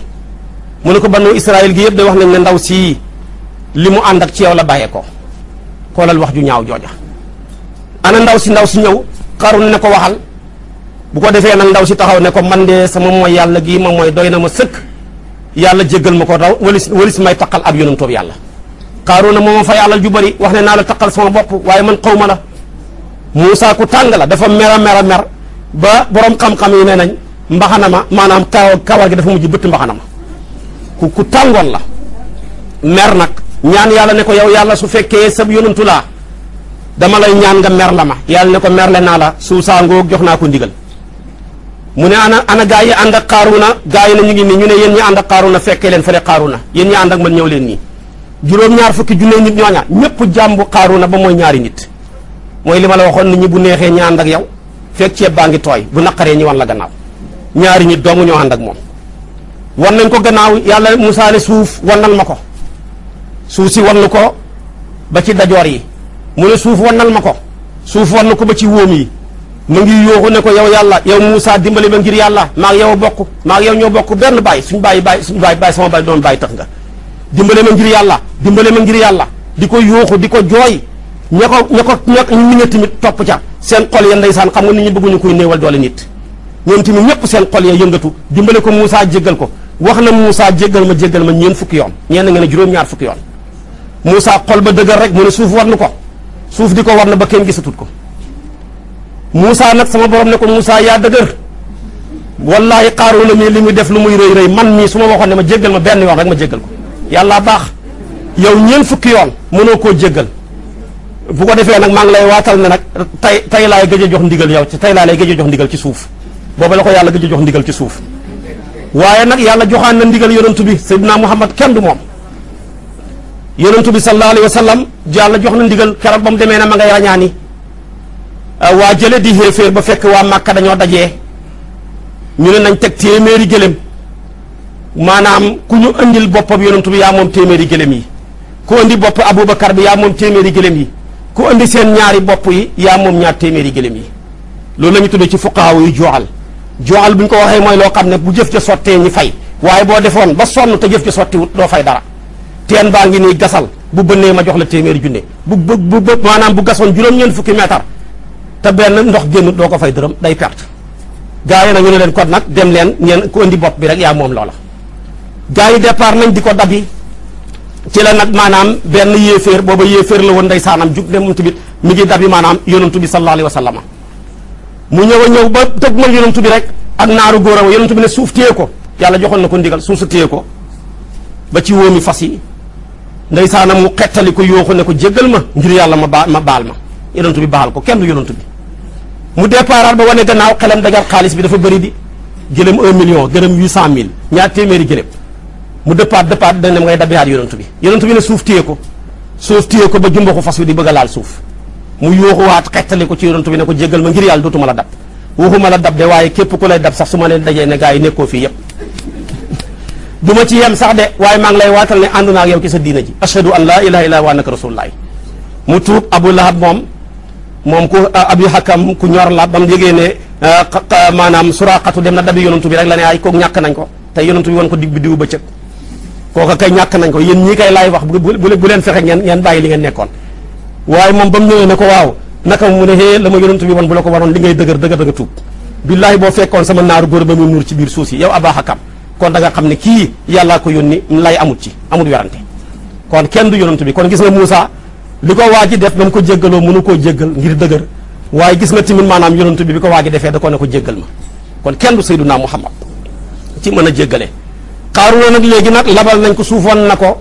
mu ne ko banu Israël gi yëpp day wax nañ ne ndaw sii li mu ànd ak ci yow la bàyyee ko xoolal wax ju ñaaw jooja ana si ndaw si ñëw xarun ne ko waxal bu ko defee nag ndaw si taxaw ne ko man de sama mooy yàlla gii ma mooy doy na ma sëkk yàlla jéggal ma ko daw walis si may taqal ab yonent toob yàlla xaaruuna moo ma fay alal ju bëri wax ne naa la taqal sama bopp waaye man xaw ma la Moussa ku tàng la dafa mer a mer a ba borom xam-xam yi nee nañ mbaxana ma maanaam kaw kawar gi dafa mujj bëtt mbaxana ma ku tàngoon la mer nag ñaan yàlla ne ko yow yàlla su fekkee sab yonantu dama lay ñaan nga merle ma yàlla ne ko merle naa la suusaa ngoog jox naa ko ndigal mu ne ana ana gaa yi ànd ak xaaruna gaa yi na ñu ngi nii ñu ne yéen ñi ànd ak xaaruna fekkee leen fële xaaruna yéen ñi ànd ak man ñëw leen nii juróom-ñaar fukki junne nit ñooña ñëpp jàmbu xaaruna ba mooy ñaari nit mooy li la waxoon nit ñi bu neexee ñi ànd ak yow fekk ceeb baa ngi tooy bu naqaree ñi wan la gannaaw ñaari ñit doom ñoo ànd ak moom wan nañ ko gannaaw yàlla musaale suuf wanal ma ko suuf si wan ko ba ci dajoor yi mu ne suuf wannal ma ko suuf wann ko ba ci wóom yi mu ngi yooxu ne ko yow yàlla yow Moussa dimbali ma ngir yàlla maa yow bokk maa yow ñoo bokk benn bàyyi suñu bàyyi bàyyi suñu bàyyi bàyyi sama bàyyi doon bàyyi tax nga dimbale ma ngir yàlla dimbale ma ngir yàlla di ko yooxu di ko jooy ña ko ña ko ña ñu tamit topp ca seen xol ya ndeysaan xam nga nit ñi bëgguñu koy néewal doole nit ñoom tamit ñëpp seen xol ya yëngatu dimbale ko Moussa jéggal ko wax na Moussa jéggal ma jéggal ma ñeen fukki yoon ñeen nga ne juróom-ñaar fukki yoon Moussa xol ba dëgër rek mu ne suuf war na ko suuf di ko war na ba kenn gisatut ko Moussa nag sama borom ne ko Moussa yaa dëgër wallaahi Qaaruuna mii li muy def lu muy rëy rëy man mii su ma waxoon ne ma jéggal ma benn yoon rek ma jéggal ko yàlla baax yow ñeent fukki yoon mënoo koo jéggal ko defee nag maa ngi lay waatal ne nag tay tay laay gëj a jox ndigal yow ci tay laa lay gëj a jox ndigal ci suuf boobu la ko yàlla gëj a jox ndigal ci suuf waaye nag yàlla joxaan na ndigal yonantu bi Seydina Muhammad kenn du moom yonentu bi sallallahu alayhi wa sallam yàlla jox na ndigal keroog ba mu demee na ma ngay rañaani ah, jële di xéeféer ba fekk waa màkka dañoo dajee ñu ne nañ teg téeméeri gëlëm maanaam ku ñu andil boppam yonentu bi yaa téeméeri gëlëm yi ku andi bopp aboubacar bi yaa moom téeméeri gëlëm yi ku andi seen ñaari bopp yi yaa moom ñaar téeméeri gëlëm yi loolu la tuddee ci fuqaaw yu joxal joxal bu ñu ko waxee mooy loo xam ne bu jëf ja sottee ñi fay waaye boo defoon ba sonn te jëf ja sottiwut doo fay dara teen baa ngi nii gasal bu bënnee ma jox la téeméeri junne bu bu bu maanaam bu gasoon juróom-ñeent fukki meetar te benn ndox génn doo ko fay dërëm day perte. gaa yi nag ñu ne leen kon nag dem leen ngeen ku indi bopp bi rek yaa moom loola. gaa yi départ nañ di ko dabi ci la nag maanaam benn yéeféer booba yéeféer la woon ndeysaanam jug ne moom tibit mu ngi dabi maanaam yonantu bi sallallahu alayhi wa sallam mu ñëw a ñëw ba tëgg mal yonantu bi rek ak naaru góoram yonantu bi ne suuf téye ko yàlla joxoon na ko ndigal suuf sa téye ko ba ci wóomi fas yi. ndeysaanam mu xettali ko yooxu ne ko jéggal ma ngir yàlla ma ba ma baal ma yonantu bi baal ko kenn du yonantu bi mu départal ba wane gannaaw xelam dagar xaalis bi dafa bëri di gëlëm un million gëlëm huit cent mille ñaar téeméeri gëlëm mu dëppaat dëppaat dana dem ngay dabiyaat yonantu bi yonantu bi ne suuf téye ko suuf téye ko ba jumba ko fas wi di bëgg laal suuf mu yooxuwaat xettali ko ci yonantu bi ne ko jéggal ma ngir yàlla dootuma la dab waxuma la dab de waaye képp ku lay dab sax su ma leen dajee ne gaa yi nekkoo fii yëpp bu ma ci yem sax de waaye maa ngi lay waatal ne ànd naa ak yow ci sa diina ji ashhadu an laa ilaha illa wa annaka mu tuub abu lahab moom moom ku ah, abi hakam ku ñor la ba mu yëgee ne ah, maanaam suraqatu dem na dabi yonantu bi rek la ne ay kooku ñàkk nañ ko te yonantu bi woon ko dig bi diwu bëccëg kooka kay ñàkk nañ ko yéen ñii kay laay wax bu leen fexe ngeen ngeen bàyyi li ngeen nekkoon waaye moom ba mu ñëwee waaw naka mu ne hee la ma yonantu bi woon bu la ko waroon li ngay dëgër dëgër da nga tuub ci biir suuf si yow aba hakam kon da nga xam ne kii yàllaa ko yónni lay amut ci amul werante kon kenn du yonent bi kon gis nga Moussa li ko waa ji def ba mu ko jéggaloo mënu koo jéggal ngir dëgër waaye gis nga tamit maanaam yonent bi bi ko waa ji defee da ko ne ko jéggal ma kon kenn du Seydunaa Muhammad ci mën a jéggale Xaaruuna nag léegi nag labal nañ ko suufoon na ko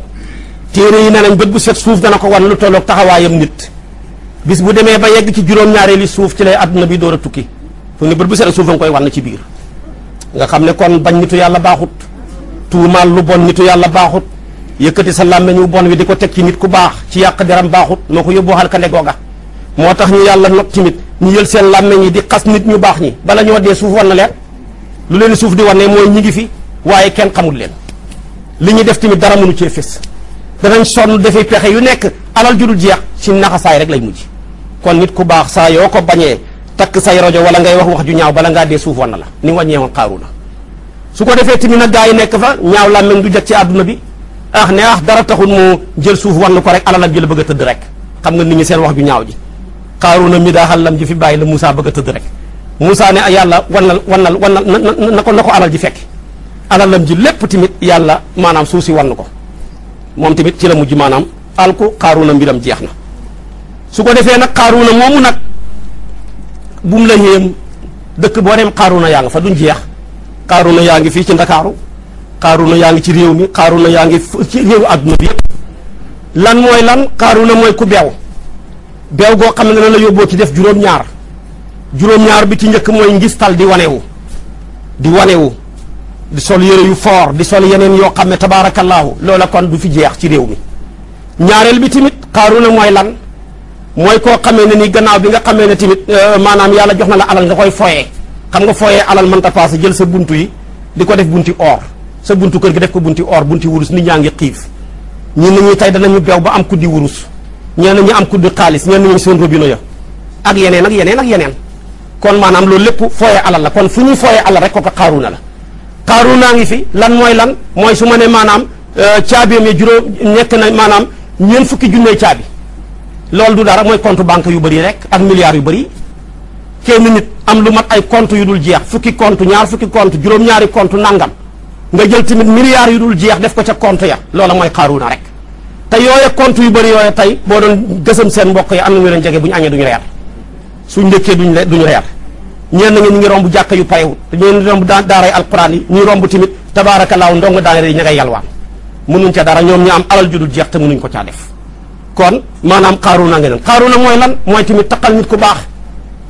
téere yi ne nañ bët bu set suuf dana ko wan lu tolloog taxawaayam nit bis bu demee ba yegg ci juróom-ñaareeli suuf ci lay bi door tukki fu ne bu set suuf a nga koy ci biir nga xam ne kon bañ nitu yàlla baaxut tuumaal lu bon nitu yàlla baaxut yëkkati sa làmmeñu bon wi di ko teg ci nit ku baax ci yàq deram baaxut moo ko yóbbu xalkande googa moo tax ñu yàlla not ci nit yël seen làmmeñ yi di xas nit ñu baax ñi bala ñoo dee suuf war na leen lu leen suuf di war ne mooy ñi ngi fi waaye kenn xamul leen li ñuy def tamit dara mënu ci fés danañ sonn dafay pexe yu nekk alal ju dul jeex ci naxasaay rek lay mujj kon nit ku baax saa yoo ko bañee takk say rajo wala ngay wax wax ju ñaaw bala ngaa dee suuf wan na la ni nga wàññee na su ko defee tamit nag gaa yi nekk fa ñaaw làmmiñ du jot ci àdduna bi ah ne ah dara taxul mu jël suuf wan ko rek alalam ji la bëgg a tëdd rek xam nga nit ñi seen wax ju ñaaw ji xaaru na mi daa xalam ji fi bàyyi la Moussa bëgg a tëdd rek Moussa ne yàlla wanal wanal wanal na ko na ko alal ji fekk alalam ji lépp tamit yàlla maanaam suuf si wan ko moom tamit ci la mujj maanaam alku xaaru na mbiram jeex na moomu nag bu la yéem dëkk boo dem xaaruna yaa nga fa duñ jeex xaaruna yaa ngi fii ci ndakaaru xaaruna yaa ngi ci réew mi xaaru na yaa ngi ci réewu àdduna yëpp lan mooy lan xaaruna mooy ku beew beew goo xam ne dana la yóbboo ci def juróom-ñaar juróom-ñaar bi ci njëkk mooy ngis ngistal di wanewu di wanewu di sol yére yu foor di sol yeneen yoo xam ne tabaarakallaahu loola kon du fi jeex ci réew mi ñaareel bi tamit xaaruna mooy lan mooy koo xamee ne ni gannaaw bi nga xamee ne tamit euh, maanaam yàlla jox na la alal nga koy foyee xam nga foyee alal mënta paase jël sa buntu yi di ko def bunti oor sa buntu kër gi def ko bunti or bunti wurus nit ñaa ngi xiif ñi ne ñuy tey danañu beew ba am kuddi wurus ñeen ñu am kuddi xaalis ñeen ñu seen robinet ya ak yeneen ak yeneen ak yeneen kon maanaam loolu lépp fooyee alal la kon fu ñuy fooyee alal rek kooka xaaruna la xaaruna ngi fi lan mooy lan mooy su ma ne maanaam euh, caabi am ya juróom na maanaam ñeent fukki junnee caabi loolu du dara mooy compte banque yu bëri rek ak milliards yu bari kenn nit am lu mat ay compte yu dul jeex fukki compte ñaar fukki compte juróom-ñaari compte nangam nga jël tamit milliards yu dul jeex def ko ca compte ya loola mooy xaaruuna rek te yooye compte yu bëri yooye tey boo doon gësam seen mbokk yi am na ñu leen jege bu ñu añee duñu reer suñ ndëkkee duñ le duñu reer ñeen na ngeen ñu ngi romb jàkka yu payewul ñeen ñi romb daaray alquran yi ñuy romb tamit tabaarakallaahu ndongo daanere yi ña ngay yalwaan mënuñ ca dara ñoom ñu am alal ju dul jeex ko caa def kon maanaam xaaruna nga nen xaaruna mooy lan mooy tamit taqal nit ku baax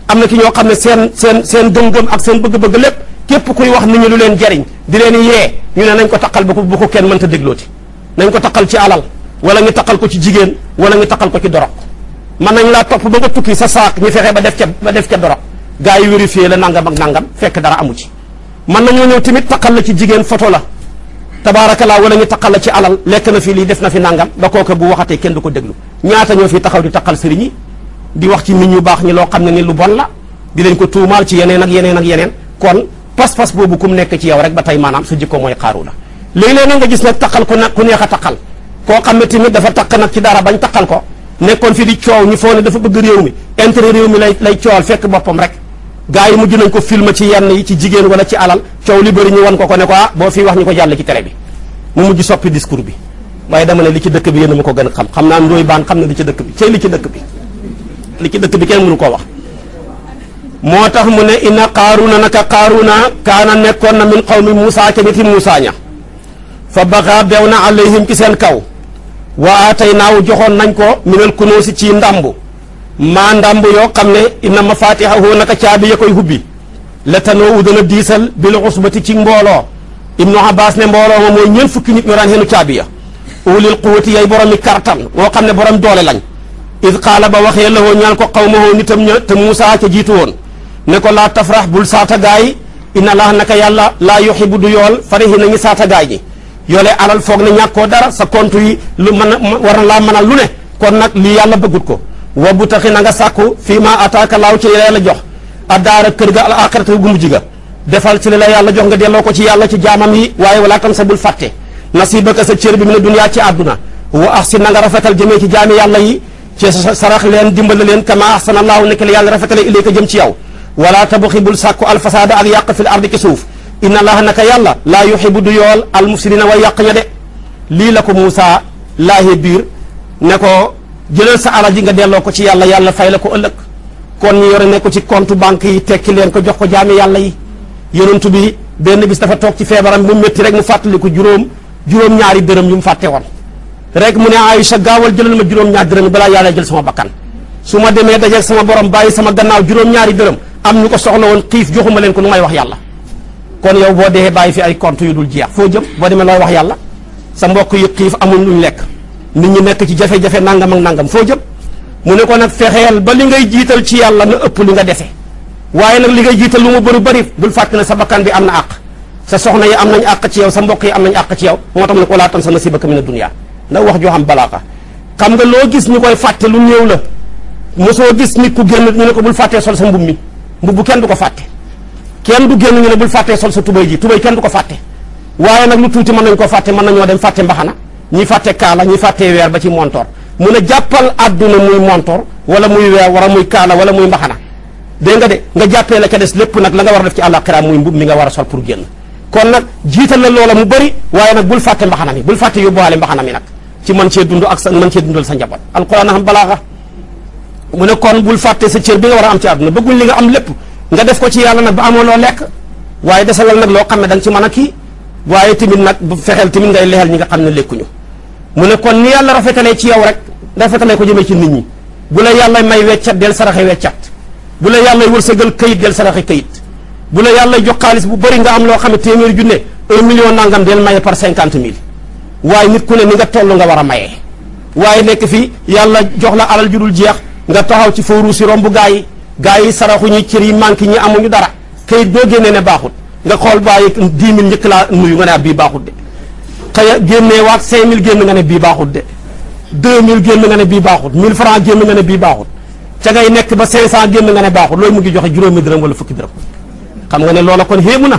am na ki ñoo xam ne seen seen seen gëm ak seen bëgg-bëgg lépp képp kuy wax nit ñi lu leen jariñ di leen yee ñu ne nañ ko taqal bu ko bu ko kenn ta mënta déglooti nañ ko taqal ci alal wala ñu taqal ko ci jigéen wala ñu taqal ko ci dorog mën nañ laa topp ba nga tukki sa saak ñu fexe ba def ca ba def ca dorog gars yi vérifié la nangam ak nangam fekk dara amu ci mën nañoo ñëw tamit taqal la ci jigéen photo la tabaaraka laa wala ñu taqal la ci alal lekk na fii lii def na fi nangam ba kooka bu waxatee kenn du ko déglu ñaata ñoo fi taxaw di taqal sëriñ di wax ci nit ñu baax ñi loo xam ne ni lu bon la di lañ ko tuumaal ci yeneen ak yeneen ak yeneen kon pas-pas boobu kum nekk ci yow rek ba tey maanaam sa jikko mooy xaaru la léeg-léeg nga gis nag taqal ku nag ku neex a taqal koo xam ne dafa taq nag ci dara bañ taqal ko nekkoon fi di coow ñu foo ne dafa bëgg réew mi intere réew mi lay lay coowal fekk boppam rek gaa yi mujj nañ ko film ci yenn yi ci jigéen wala ci alal coow li bëri ñu wan ko ko ne ko ah boo fii wax ñu ko jàll ci télé bi mu mujj soppi discours bi waaye dama ne li ci dëkk bi yéen ma ko gën a xam xam naa ndooy baan xam na li ci dëkk bi cey li ci dëkk bi li ci dëkk bi kenn mënu koo wax moo tax mu ne inna qaaruna naka naa kaana nekkoon na min qawmi Muusa ca niti Muusa ña fa bakaa bew na alayhim ci seen kaw waa tey naaw joxoon nañ ko minal kunóosi ci ndàmbu maa ndàmb yoo xam ne inna mafaatixahu naka caabi ya koy hubbi la tanoo u dana diisal bil usbati ci mbooloo ibnu abbas ne mbooloo ma mooy ñeent fukki nit ñu daan xenu caabi ya ulil quwati yay boromi kartan moo xam ne borom doole lañ id qaala ba waxee lawoo ñaan ko xaw ma woo nitam ña te Muusaa ca jiitu woon ne ko laa tafrax bul saata gaay inna laa naka yàlla laa yuxibu du yool farihi nañu saata gaay ñi yoole alal foog ne ñàkkoo dara sa compte yi mën a war na laa mënal lu ne kon nag lii yàlla bëggut ko wa bu taxi na nga sàkku fii ma ataaka laaw ci li la yàlla jox addaara kër ga al aaxirata gu mujj defal ci li la jox nga delloo ko ci yàlla ci jaamam yi waaye walaa tam sa bul fàtte nasibaka sa cër bi a ne duniyaa ci àdduna wa axsin na nga rafetal jëmee ci jaami yàlla yi ci sarax leen dimbale leen kama axsana allaahu nekk la yàlla rafetale ilayka jëm ci yow walaa tabaxi bul sàkku alfasaada ak yàq fil ardi ci suuf inna allaha naka yàlla la ko Muusa laahe biir ne jëlal sa alal ji nga delloo ko ci yàlla yàlla fay la ko ëllëg kon ñu yore ne ko ci compte banque yi tekki leen ko jox ko jaami yàlla yi yonent bi benn bis dafa toog ci feebaram mu métti rek mu fàttaliku juróom juróom ñaari dërëm yu mu fàtte woon rek mu ne Aïcha gaawal jëlal ma juróom ñaari dërëm yi balaa yàlla jël sama bakkan su ma demee dajeeg sama borom bàyyi sama gannaaw juróom ñaari dërëm am ñu ko soxla woon xiif joxuma leen ko nu may wax yàlla kon yow boo dee bàyyi fi ay compte yu dul jeex foo jëm boo demee looy wax yàlla sa mbokk yi xiif amul luñ lekk nit ñi nekk ci jafe-jafe nangam ak nangam foo jëm mu ne ko nag fexeel ba li ngay jiital ci yàlla na ëpp li nga dese waaye nag li ngay jiital lu mu bëri bëri bul ne sa bakkan bi am na àq sa soxna yi am nañ àq ci yow sa mbokk yi am nañ àq ci yow moo tax ne ko laa tan sa nasiibaka mina dunya ndax wax joo xam balaaxa xam nga loo gis ñu koy fàtte lu néew la mosoo gis nit ku génn ñu ne ko bul fàttee sol sa mbub mi mbubbu kenn du ko fàtte kenn du génn ñu ne bul fàttee sol sa tubay ji tubay kenn du ko fàtte waaye nag lu tuuti mën nañ ko fàtte mën nañoo dem fàtte mbaxana ñi fàtte kaala ñi fàttee weer ba ci montor mun a jàppal àdduna muy montor wala muy weer a muy kaala wala muy mbaxana dégg nga de nga jàppee la ca des lépp nag la nga war a def ci àllaaxira muy mbub mi nga war a sol pour génn kon nag jiital la loola mu bëri waaye nag bul fàtte mbaxana mi bul fàtte yóbbuwaale mbaxana mi nag ci man cee dund ak sa mën cee dundal sa njaboot a xam balaaxa mu ne kon bul fàtte sa cër bi nga war a am ci àdduna bëgguñ li nga am lépp nga def ko ci yàlla nag ba amoo loo lekk waaye desalal nag loo xam ne da nga mën a kii waaye tamit nag bu fexeel tamit ngay lexel ñi nga xam ne lekkuñu mu ne kon ni yàlla rafetalee ci yow rek rafetalee ko jëmee ci nit ñi bu la yàlla may weccat del saraxe weccat bu la yàlla wërsëgal kayit del saraxe kayit bu la yàlla jox xaalis bu bëri nga am loo xam ne téeméeri junne un million nangam del maye par cinquante mille waaye nit ku ne ni nga toll nga war a maye waaye nekk fi yàlla jox la alal ju dul jeex nga taxaw ci fooru si romb gaa yi gaa yi saraxu ñi cër yi manqué ñi amuñu dara kayit boo génnee ne baaxut nga xool bàyyi dix mille njëkk laa nuyu nga ne ab ah bii baaxut de xëya génnee waat 5000 génn nga ne bii baaxut de 2000 génn nga ne bii baaxut 1000 francs génn nga ne bii baaxut ca ngay nekk ba 500 génn nga ne baaxut loolu mu ngi joxe juróomi dërëm wala fukki dërëm xam nga ne loola kon xéemu na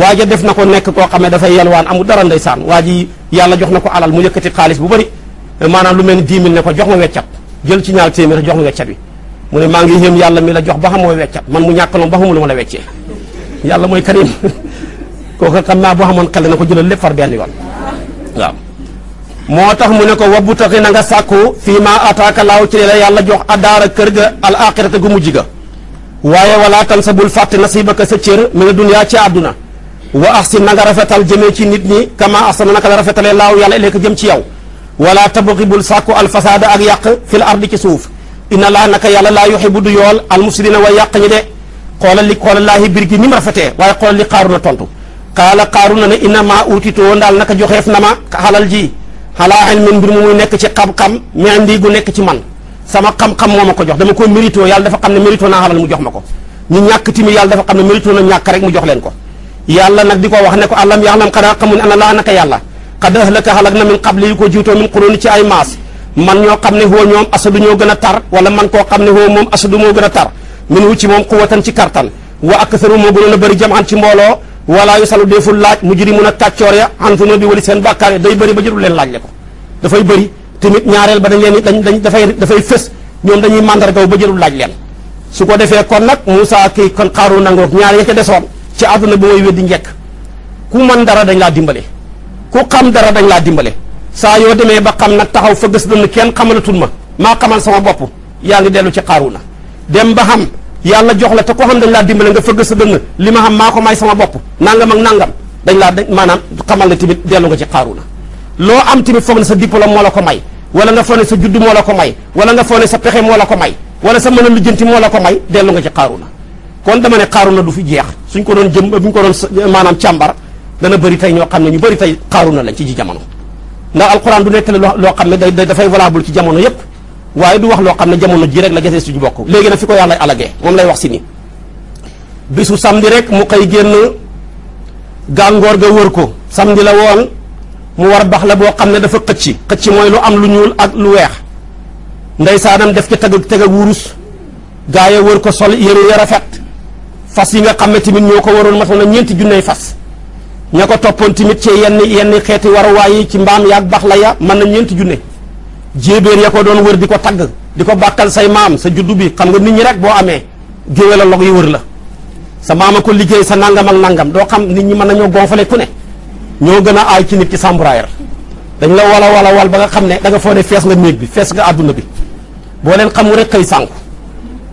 waa ja def na ko nekk koo xamee dafay yelwaan amul dara ndeysaan waa ji yàlla jox na ko alal mu yëkkati xaalis bu bëri maanaam lu mel ni 10 000 ne ko jox ma weccat jël ci ñaar téeméer jox ma weccat bi mu ne maa ngi xéem yàlla mi la jox ba xamoo weccat man mu ñàkkaloon ba xamul ma la weccee yàlla mooy karim kooka xam naa boo xamoon xel na ko jëlal lépp far benn yoon waaw moo tax mu ne ko wa taxi na nga sàkku fii ma ataaka laaw ci la yàlla jox addaara kër ga al axirata gu mujj ga waaye walaa tan sa bul fàtte nasibaka sa cër mi ne duniyaa ci àdduna wa ahsin nanga rafetal jëmee ci nit ñi kama ahsana naka la rafetalee laaw yàlla ilayka jëm ci yow wala tabxi bul sàkku al fasaada ak yàq fil ardi ci suuf inna laa naka yàlla laa yuxibu du yool al mufsidina way yàq ñi de xoolal li xoolal laahi bir gi ni mu waaye xoolal li xaaru na tontu qaala qaaruna ne innama utitoo ndaal naka joxeef na ma xalal ji xalaa ilmin mbir mu muy nekk ci xam-xam mi gu nekk ci man sama xam-xam moo ko jox dama ko mérito yàlla dafa xam ne mérito naa xalal mu jox ma ko ñu na ñàkk rek mu jox leen ko yàlla nag di ko wax ne alam ya'lam xanaa xamu ana laa naka yàlla xad ahlaka na min qabli yu ko jiitoo min quruni ci ay maas man ñoo xam ne hoo ñoom asadu ñoo gën a tar wala man koo xam ne hoo moom asadu moo gën a tar min wu ci moom a wala yu salu deeful laaj mu jëri mun a kàccoor ya an fu ma bi wali seen bàkkaar ya day bëri ba jërul leen laaj le ko dafay bëri tamit ñaareel ba dañ leen dañ dañ dafay dafay fës ñoom dañuy màndargaw ba jërul laaj leen su ko defee kon nag Moussa kii kon xaaru nangoog ñaari nga ca desoon ci àdduna bi mooy weddi njekk ku man dara dañ laa dimbale ku xam dara dañ laa dimbale saa yoo demee ba xam nag taxaw fa gës dënn kenn xamalatul ma maa xamal sama bopp yaa ngi dellu ci xaaru na yàlla jox la te ko xam dañ laa dimbale nga fëgg sa dënn li ma xam maa ko may sama bopp nangam ak nangam dañ laa maanaam xamal ne tamit dellu nga ci xaaru na loo am tamit foog na sa diplôme moo la ko may wala nga foog sa juddu moo la ko may wala nga foog ne sa pexe moo la ko may wala sa mën a lijjanti moo la ko may dellu nga ci xaaru na kon dama ne xaaru na du fi jeex suñ ko doon jëm bu ñu ko doon maanaam càmbar dana bëri tey ñoo xam ne ñu bëri tey xaaru na lañ ci ji jamono ndax alquran du nettali loo xam ne dafay valable ci jamono yépp waaye du wax loo xam ne jamono ji rek la gese suñu bokk léegi na fi ko yàlla alage moom lay wax si ni bisu samedi rek mu xëy génn gàngoor ga wër ko samedi la woon mu war bax la boo xam ne dafa xëcc xëcc mooy lu am lu ñuul ak lu weex ndeysaanam def ci teg teg ak wurus gaa yi wër ko sol yëre yu rafet fas yi nga xam ne tamit ñoo ko waroon matal na ñeenti junney fas ña ko toppoon tamit ci yenn yenn xeeti waruwaay yi ci mbaam yaag bax la ya mën na ñeenti junne jéebéer ya ko doon wër di ko tagg di ko bàkkal say maam sa juddu bi xam nga nit ñi rek boo amee géwél la log yi wër la sa maama ko liggéey sa nangam ak nangam doo xam nit ñi mën nañoo gonfale ku ne ñoo gën a aay ci nit ki samburaayar dañ la wala wala wal ba nga xam ne da nga foo ne fees nga néeg bi fees nga àdduna bi boo leen xamu rek kay sànku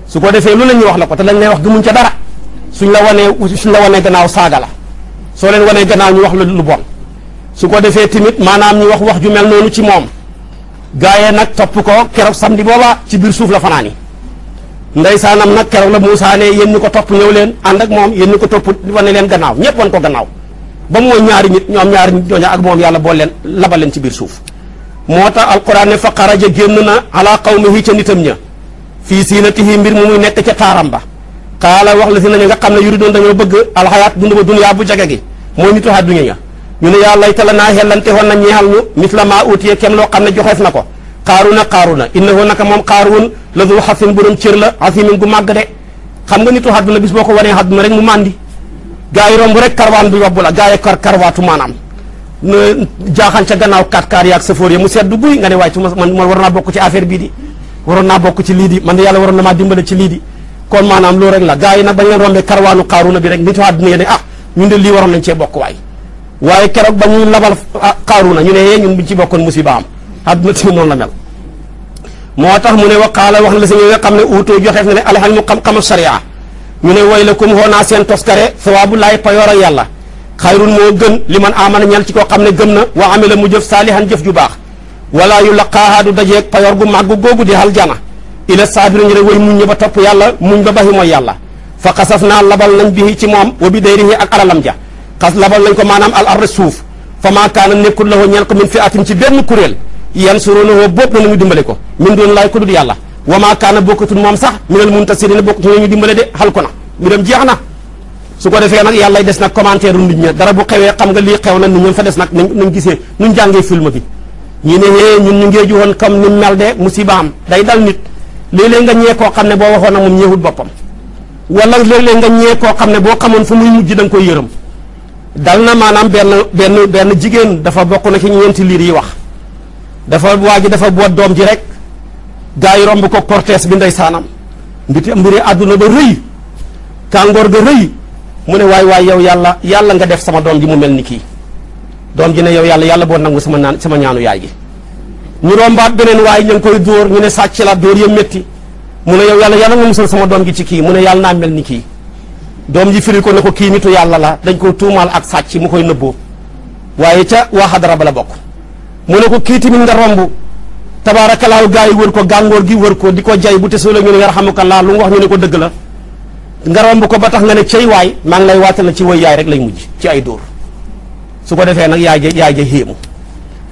su ko defee lu la ñuy wax la ko te dañ lay wax muñ ca dara suñ la wanee suñ la wanee gannaaw saaga la soo leen wanee gannaaw ñu wax la lu bon su ko defee tamit maanaam ñu wax wax ju mel noonu ci moom gaayee nag topp ko keroog samedi booba ci biir suuf la fanaani ndeysaanam nag keroog la Moussa ne yéen ñu ko topp ñëw leen ànd ak moom yéen ñu ko topp wane leen gannaaw ñëpp wan ko gannaaw ba mu ñaari nit ñoom ñaari nit ñooña ak moom yàlla bool leen labal leen ci biir suuf moo tax alquran ne fa xaraja génn na xalaa ala qawmihi ca nitam ña fii siinatihi mbir mu muy nekk ca taaram ba xaala wax la si nañu nga xam ne yuri doon dañoo bëgg alxayaat dund ba duniyaa bu jage gi mooy nitu àdduna ña ñu ne yaa layta lanaa xellante woon na ñeexal ñu misla maa uutiye kem loo xam ne joxees na ko xaaruna xaaruna innahu naka moom xaaruun la du xasin borom ko wanee àdduna rek mu màndi gaa yi romb rek karwaan bi yobbu la gaa yi kar karwaatu maanaam jaaxan ca gannaaw katkaar yaag safoor ya mu seddu guy nga ne waaye la gaa yi rombee karwaanu xaaruna bi rek nitu àdduna yi ah ñun de lii waroon nañ cee bokk waay waaye keroog ba ñuy labal ah, xaaruna ñu ne yee ñun buñ ci bokkoon musiba am àdduna tamit noonu la mel moo tax mu ne wax waqaala wax na la si nga xam ne uutoo joxeef na ne alxam ñu xam-xamu sariya ñu ne way la kum xoo naa seen toskare sawaabu laay payoor ak yàlla xayrun moo gën li man amana ñal ci koo xam ne gëm na wa amila mu jëf saalihan jëf ju baax wala yu laqaaha du dajeeg payoor gu màgg googu di aljana ila saabira ñu ne way muñ ñë ba topp yàlla muñ ba baxi mooy yàlla fa xasaf naa labal nañ bihi ci moom wa bi dayrihi ak alalam ja xas labal nañ ko maanaam al arda suuf fa maa kaana nekkul ko min fi atin ci benn kuréel yansuruunahu boobu na ñu dimbale ko min ko dul na mbiram jeex na su ko defee nag yàlla des nag commentaire nit ña dara bu xewee na nit ñoom fa des nag nañ gisee nuñ jàngee ñu ne hee ñun ñu ngee joxoon comme ni mel de musiba am day dal nit léeg-léeg nga ñee koo xam ne boo waxoon na moom ñeewul boppam wala léeg-léeg nga ñee koo xam ne boo xamoon fu muy mujj danga nga koy yërëm dal na maanaam benn benn benn jigéen dafa bokk na ci ñeenti liir yi wax dafa waa ji dafa boot doom ji rek gaa yi romb ko cortège bi ndeysaanam mbiti mbiri àdduna ba rëy kàngoor ga rëy mu ne waay waay yow yàlla yàlla nga def sama doom ji mu mel ni kii doom ji ne yow yàlla yàlla boo nangu sama naan sama ñaanu yaay gi ñu rombaat beneen waaye ñu ngi koy dóor ñu ne sàcc la dóor ya métti mu ne yow yàlla yàlla nga musal sama doom gi ci kii mu ne yàlla naa mel ni kii doom ji firi ko ne ko kii nitu yàlla la dañ ko tuumaal ak sàcc mu koy nëbboo waaye ca waa xadara ba la bokk mu ne ko kii tamit nga romb tabaarakalaaw gaa yi wër ko gàngoor gi wër ko di ko jay bu te soo la ñu ne laa lu mu wax ñu ne ko dëgg la nga romb ko ba tax nga ne cey waay maa ngi lay waatal na ci way yaay rek lay mujj ci ay dóor su ko defee nag yaay ja yaay ja xéemu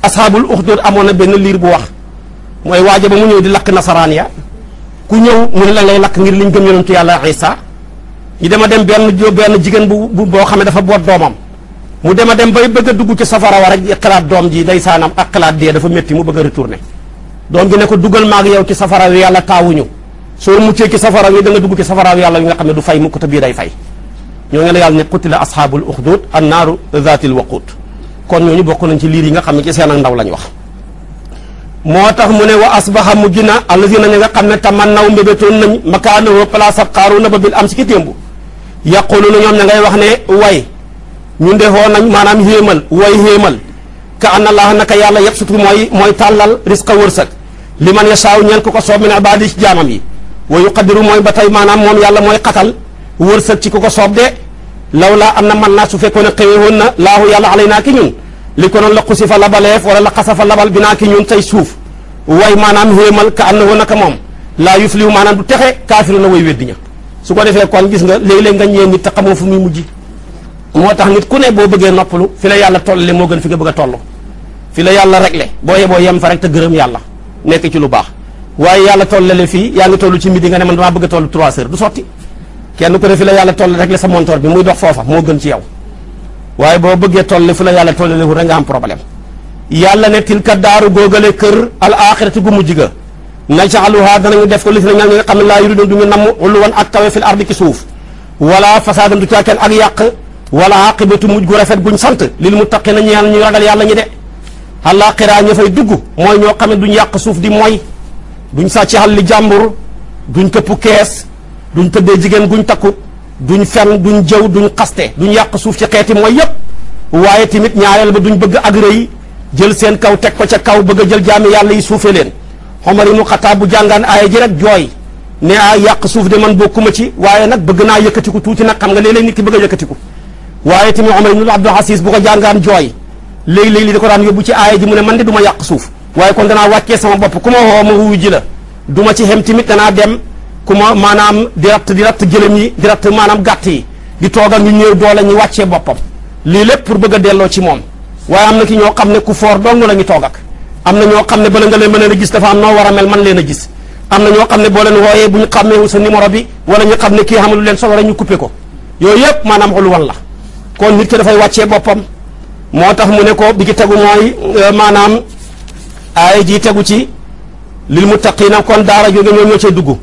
ashaabul uxdud amoon na benn liir bu wax mooy waaja ba mu ñëw di lakk nasaraan ya ku ñëw mu la lay lakk ngir liñ gëm yonentu yàlla Isa ñu dema dem benn jó benn jigéen bu boo xam ne dafa boot doomam mu dema dem bay bëgg dugg ci safara wa rek xalaat doom ji saanam ak xalaat dee dafa métti mu bëgg a retourné doom ji ne ko dugal maak yow ci safara wi yàlla taawuñu soo muccee ci safara wi da nga dugg ci safara wi yàlla wi nga xam ne du fay mukk te bii day fay ñoo ngi la yàlla ne qutila ashaabul uxdud annaaru zaatil waquut kon ñu bokk nañ ci liir yi nga xam ne ci seen ak ndaw lañ wax moo tax mu ne wa asbaha mujj na allazina ñi nga xam ne tamannaw mbébétoon nañ makaanahu place ab xaaru na ba am si ki témbu yaquluna ñoom ña ngay wax ne way ñun de xoo nañ maanaam xéemal way xéemal ka anna laaha naka yàlla yabsutu mooy mooy tàllal risqa wërsëg li man yasaaw ñeen ku ko ko soob min ibaadi ci jaamam yi wa yuqadiru mooy ba tey maanaam moom yàlla mooy xatal wërsëg ci ku ko soob de law laa am na man naa su fekkoon ne xewee na laahu yàlla alay naa ki ñun li ko noon la xusi fa labaleef wala la xasa fa labal bi naa ki ñun tey suuf way maanaam xéemal ka anna woon naka moom laa yuflihu maanaam du texe kaafiru na way weddi ña su ko defee kon gis nga léeg-léeg nga ñëwee nit te xamoo fu muy mujj moo tax nit ku ne boo bëggee noppalu fi la yàlla tollale moo gën fi nga toll fi la yàlla réglé boo yeboo yem fa rek te gërëm yàlla nekk ci lu baax waaye yàlla tollale fii yaa ngi toll ci midi nga ne man damaa bëgg a toll 3 heures du sotti kenn ku ne fi la yàlla toll réglé sa montor bi muy dox foofa moo gën ci yow waaye boo bëggee toll fi la yàlla tollale wu rek nga am problème yàlla ne tilka daaru góogale kër al axirati gu mujj ga najcaluha danañu def ko li si na ñaar ñi nga xam ne laa yuridoon du ñu namm uluwan ak kawe fil ardi ci suuf wala fasaadan du caakeen ak yàq wala aqibatu mujj gu rafet guñ sant lil muttaqina ñeel ñu ragal yàlla ñi de àllaaxira ña fay dugg mooy ñoo xam ne duñ yàq suuf di mooy duñ sàcc xalli jàmbur duñ këpp kees duñ tëddee jigéen guñ takku duñ fen duñ jëw duñ xaste duñ yàq suuf ci xeeti mooy yépp waaye tamit ñaareel ba duñ bëgg ak rëy jël seen kaw teg ko ca kaw bëgg a jël jaami yàlla yi suufee leen Omar ibnu Xataab bu jàngaan aaya ji rek jooy ne a yàq suuf de man ma ci waaye nag bëgg naa yëkkatiku tuuti nag xam nga léeg-léeg nit ki bëgg a yëkkatiku waaye tamit Omar ibnu Abdul Aziz jàngaan jooy léegi-léegi li da ko daan yóbbu ci aaya ji man de du ma yàq suuf waaye kon danaa wàccee sama bopp ku ma woo ma wuyu la du ma ci xem danaa dem ku maanaam di ratt di ratt gëlëm yi di ratt maanaam gàtt yi di toog ak ñu ñëw doole ñu wàccee boppam lii lépp pour bëgg a delloo ci moom waaye am na ki ñoo xam ne ku foor dong la ñu toog ak am na ñoo xam ne bala nga leen mën a gis dafa am noo war a mel man leen a gis am na ñoo xam ne boo leen wooyee bu ñu xàmmeewu sa numéro bi wala ñu xam ne kii xamul leen solo rek ñu coupé ko yooyu yëpp maanaam xulwan la kon nit ki dafay wàccee boppam moo tax mu ne ko bi ci tegu mooy euh, maanaam aaya ji tegu ci lil muttaqiina kon daara jóge ñoom ñoo cee dugg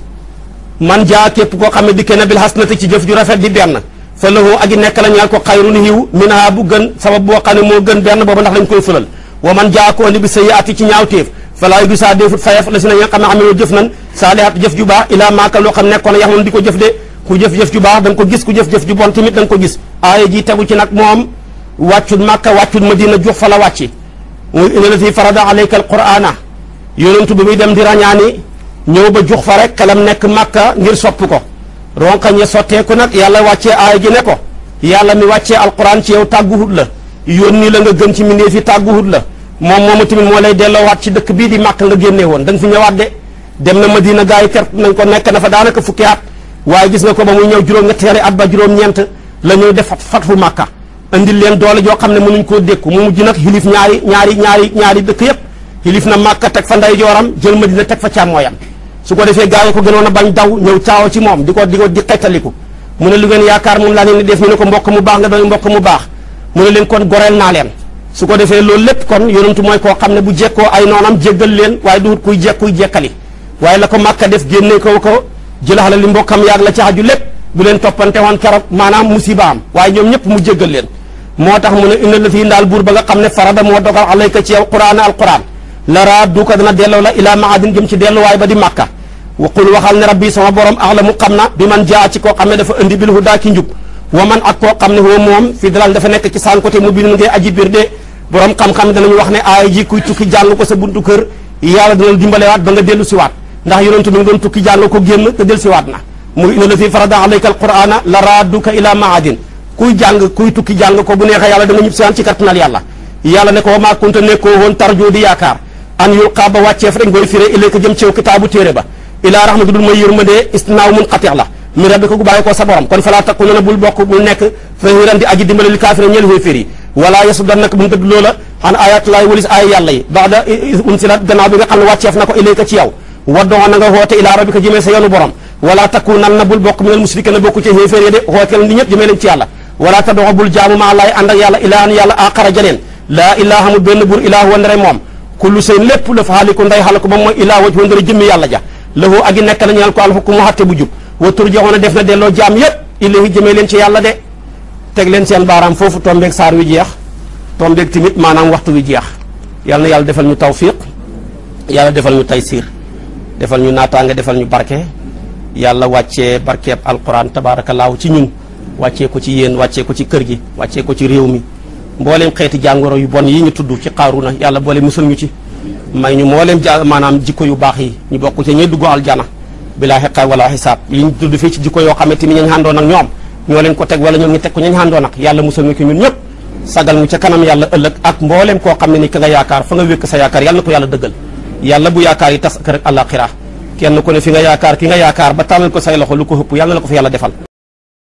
man jaa képp koo xam ne dikkee na bil hasanati ci jëf ju rafet di benn fa lahu ak i nekk la ñaar ko xayrun hiw minhaa bu gën sabab boo xam ne moo gën benn boobu ndax lañ koy fulal wa man jaa ko andi bi sayyi'ati ci ñaawteef falaa yu du saa defut fayaf la si na ña xam ne xam ne jëf nan saalihat jëf ju baax ilaa maaka loo xam nekkoon yax moom ko jëf de ku jëf-jëf ju baax da ko gis ku jëf-jëf ju bon tamit da nga ko gis aaya ji tegu ci nag moom wàccul màkka wàccul madina jox fa la wàcci muy inalati farada alayka alqur'ana yonentu bi muy dem di rañaani ñëw ba jox fa rek kalam nekk màkka ngir sopp ko ronka ña sotteeku nag yàlla wàccee aaya ji ko yàlla mi wàccee alquran ci yow tàgguhut la yónni la nga gën ci mbindeef yi tàgguhut la moom moomu tamit moo lay delloowaat ci dëkk bii di màkk nga génnee woon da nga fi ñëwaat de dem na Madina gaa yi ker nañ ko nekk na fa daanaka fukki at waaye gis nga ko ba muy ñëw juróom-ñetteeri at ba juróom-ñeent la ñuy def fatfu màkka indil leen doole joo xam ne mënuñ koo dékku mu mujj nag xilif ñaari ñaari ñaari ñaari dëkk yëpp xilif na màkka teg fa nday jooram jël Madina teg fa càmmooyam su ko defee gaa yi ko gënoon a bañ daw ñëw caawa ci moom di ko di ko di xettaliku mu ne lu def ne ko mbokk mu baax nga doon mbokk mu baax mu leen kon goreel naa leen su ko defee loolu lépp kon yonentu mooy koo xam ne bu jekkoo ay noonam jéggal leen waaye duut kuy jekkuy jekkali waaye la ko màkka def génne ko ko jëlax la li mbokkam yaag la ci aju lépp bu leen toppante woon keroog maanaam musiba am waaye ñoom ñëpp mu jéggal leen moo tax mu ne inna la fii ndaal buur ba nga xam ne farada moo dogal alayka ci yow quraan alquran la raa du ko dana delloo la ilaa maadin jëm ci delluwaay ba di màkka waqul waxal ne rabbi sama borom axlamu xam na bi man jaa koo xam ne dafa indi bil hudaa ki njub wa man ak moom fii dalal dafa nekk ci sànkoté mu bi nun borom xam-xam danañu wax ne aaya ji kuy tukki jàng ko sa buntu kër yàlla dana dimbalewaat ba nga dellu siwaat ndax yonentu mi ngi doon tukki jàng ko génn te dellu siwaat na muy inna lazi farada alayka alqur'ana la raaduka ila maadin kuy jàng kuy tukki jàng ko bu neexee yàlla da nga ñib siwaan ci kattanal yàlla yàlla ne ko wa maa kunta nekkoo woon tarjoo di yaakaar an yulqaa ba wàcceef rek ngoy firee ilayka jëm ceew kitaabu téere ba ilaa rahmati dul mooy yërmande istinaaw mun xateex la mi rabbi ko gu bàyyi ko sa borom kon falaa takku na bul fa hiran di wala yasuddannak bu mu tëdd loola an ayat laay walis aaya yàlla yi baxda unsilat gannaaw nga xam ne na ko ilayka ci yow waddoo na nga woote ilaa maa laay ànd ak yàlla ilaa an yàlla aqara laa ilaha benn buur ilaa huwa ndere moom kullu seen lépp la faaliku nday xalaku ba mooy ilaa waj wandëra jëmmi yàlla ja lahu agi nekk la ñeel ko alxukmu xatte bu jub wa turjaxoona def na delloo yépp ilayhi jëmee ci yàlla de teg leen seen baaraam foofu tombeeg saar wi jeex tombeeg tamit maanaam waxtu wi jeex yal na yàlla defal ñu tawfiq yàlla defal ñu taysiir defal ñu naataange defal ñu barke yàlla wàccee barkeeb alquran tabaarakallaahu ci ñun wàccee ci yéen wàccee ci kër gi wàccee ko ci réew mi mbooleem xeeti jàngoro yu bon yi ñu tudd ci na yàlla boole musal ñu ci may ñu mbooleem ja maanaam jikko yu baax yi ñu bokk ci ñuy dugg aljana bilaa xeqaay wala xisaab yi ñu tudd ci jikko yoo xamante ni ñu àndoon ak ñoom ñoo leen ko teg wala ñoom ñu teg ko ñañ àndoon ak yàlla musal ñu ci ñun ñëpp sagal mu ca kanam yàlla ëllëg ak mbooleem koo xam ne ni ka nga yaakaar fa nga wékk sa yaakaar yàlla na ko yàlla dëggal yàlla bu yaakaar yi tas ak rek àllaaxira kenn ku ne fi nga yaakaar ki nga yaakaar ba tàllal ko say loxo lu ko hëpp yàlla na la ko fa yàlla defal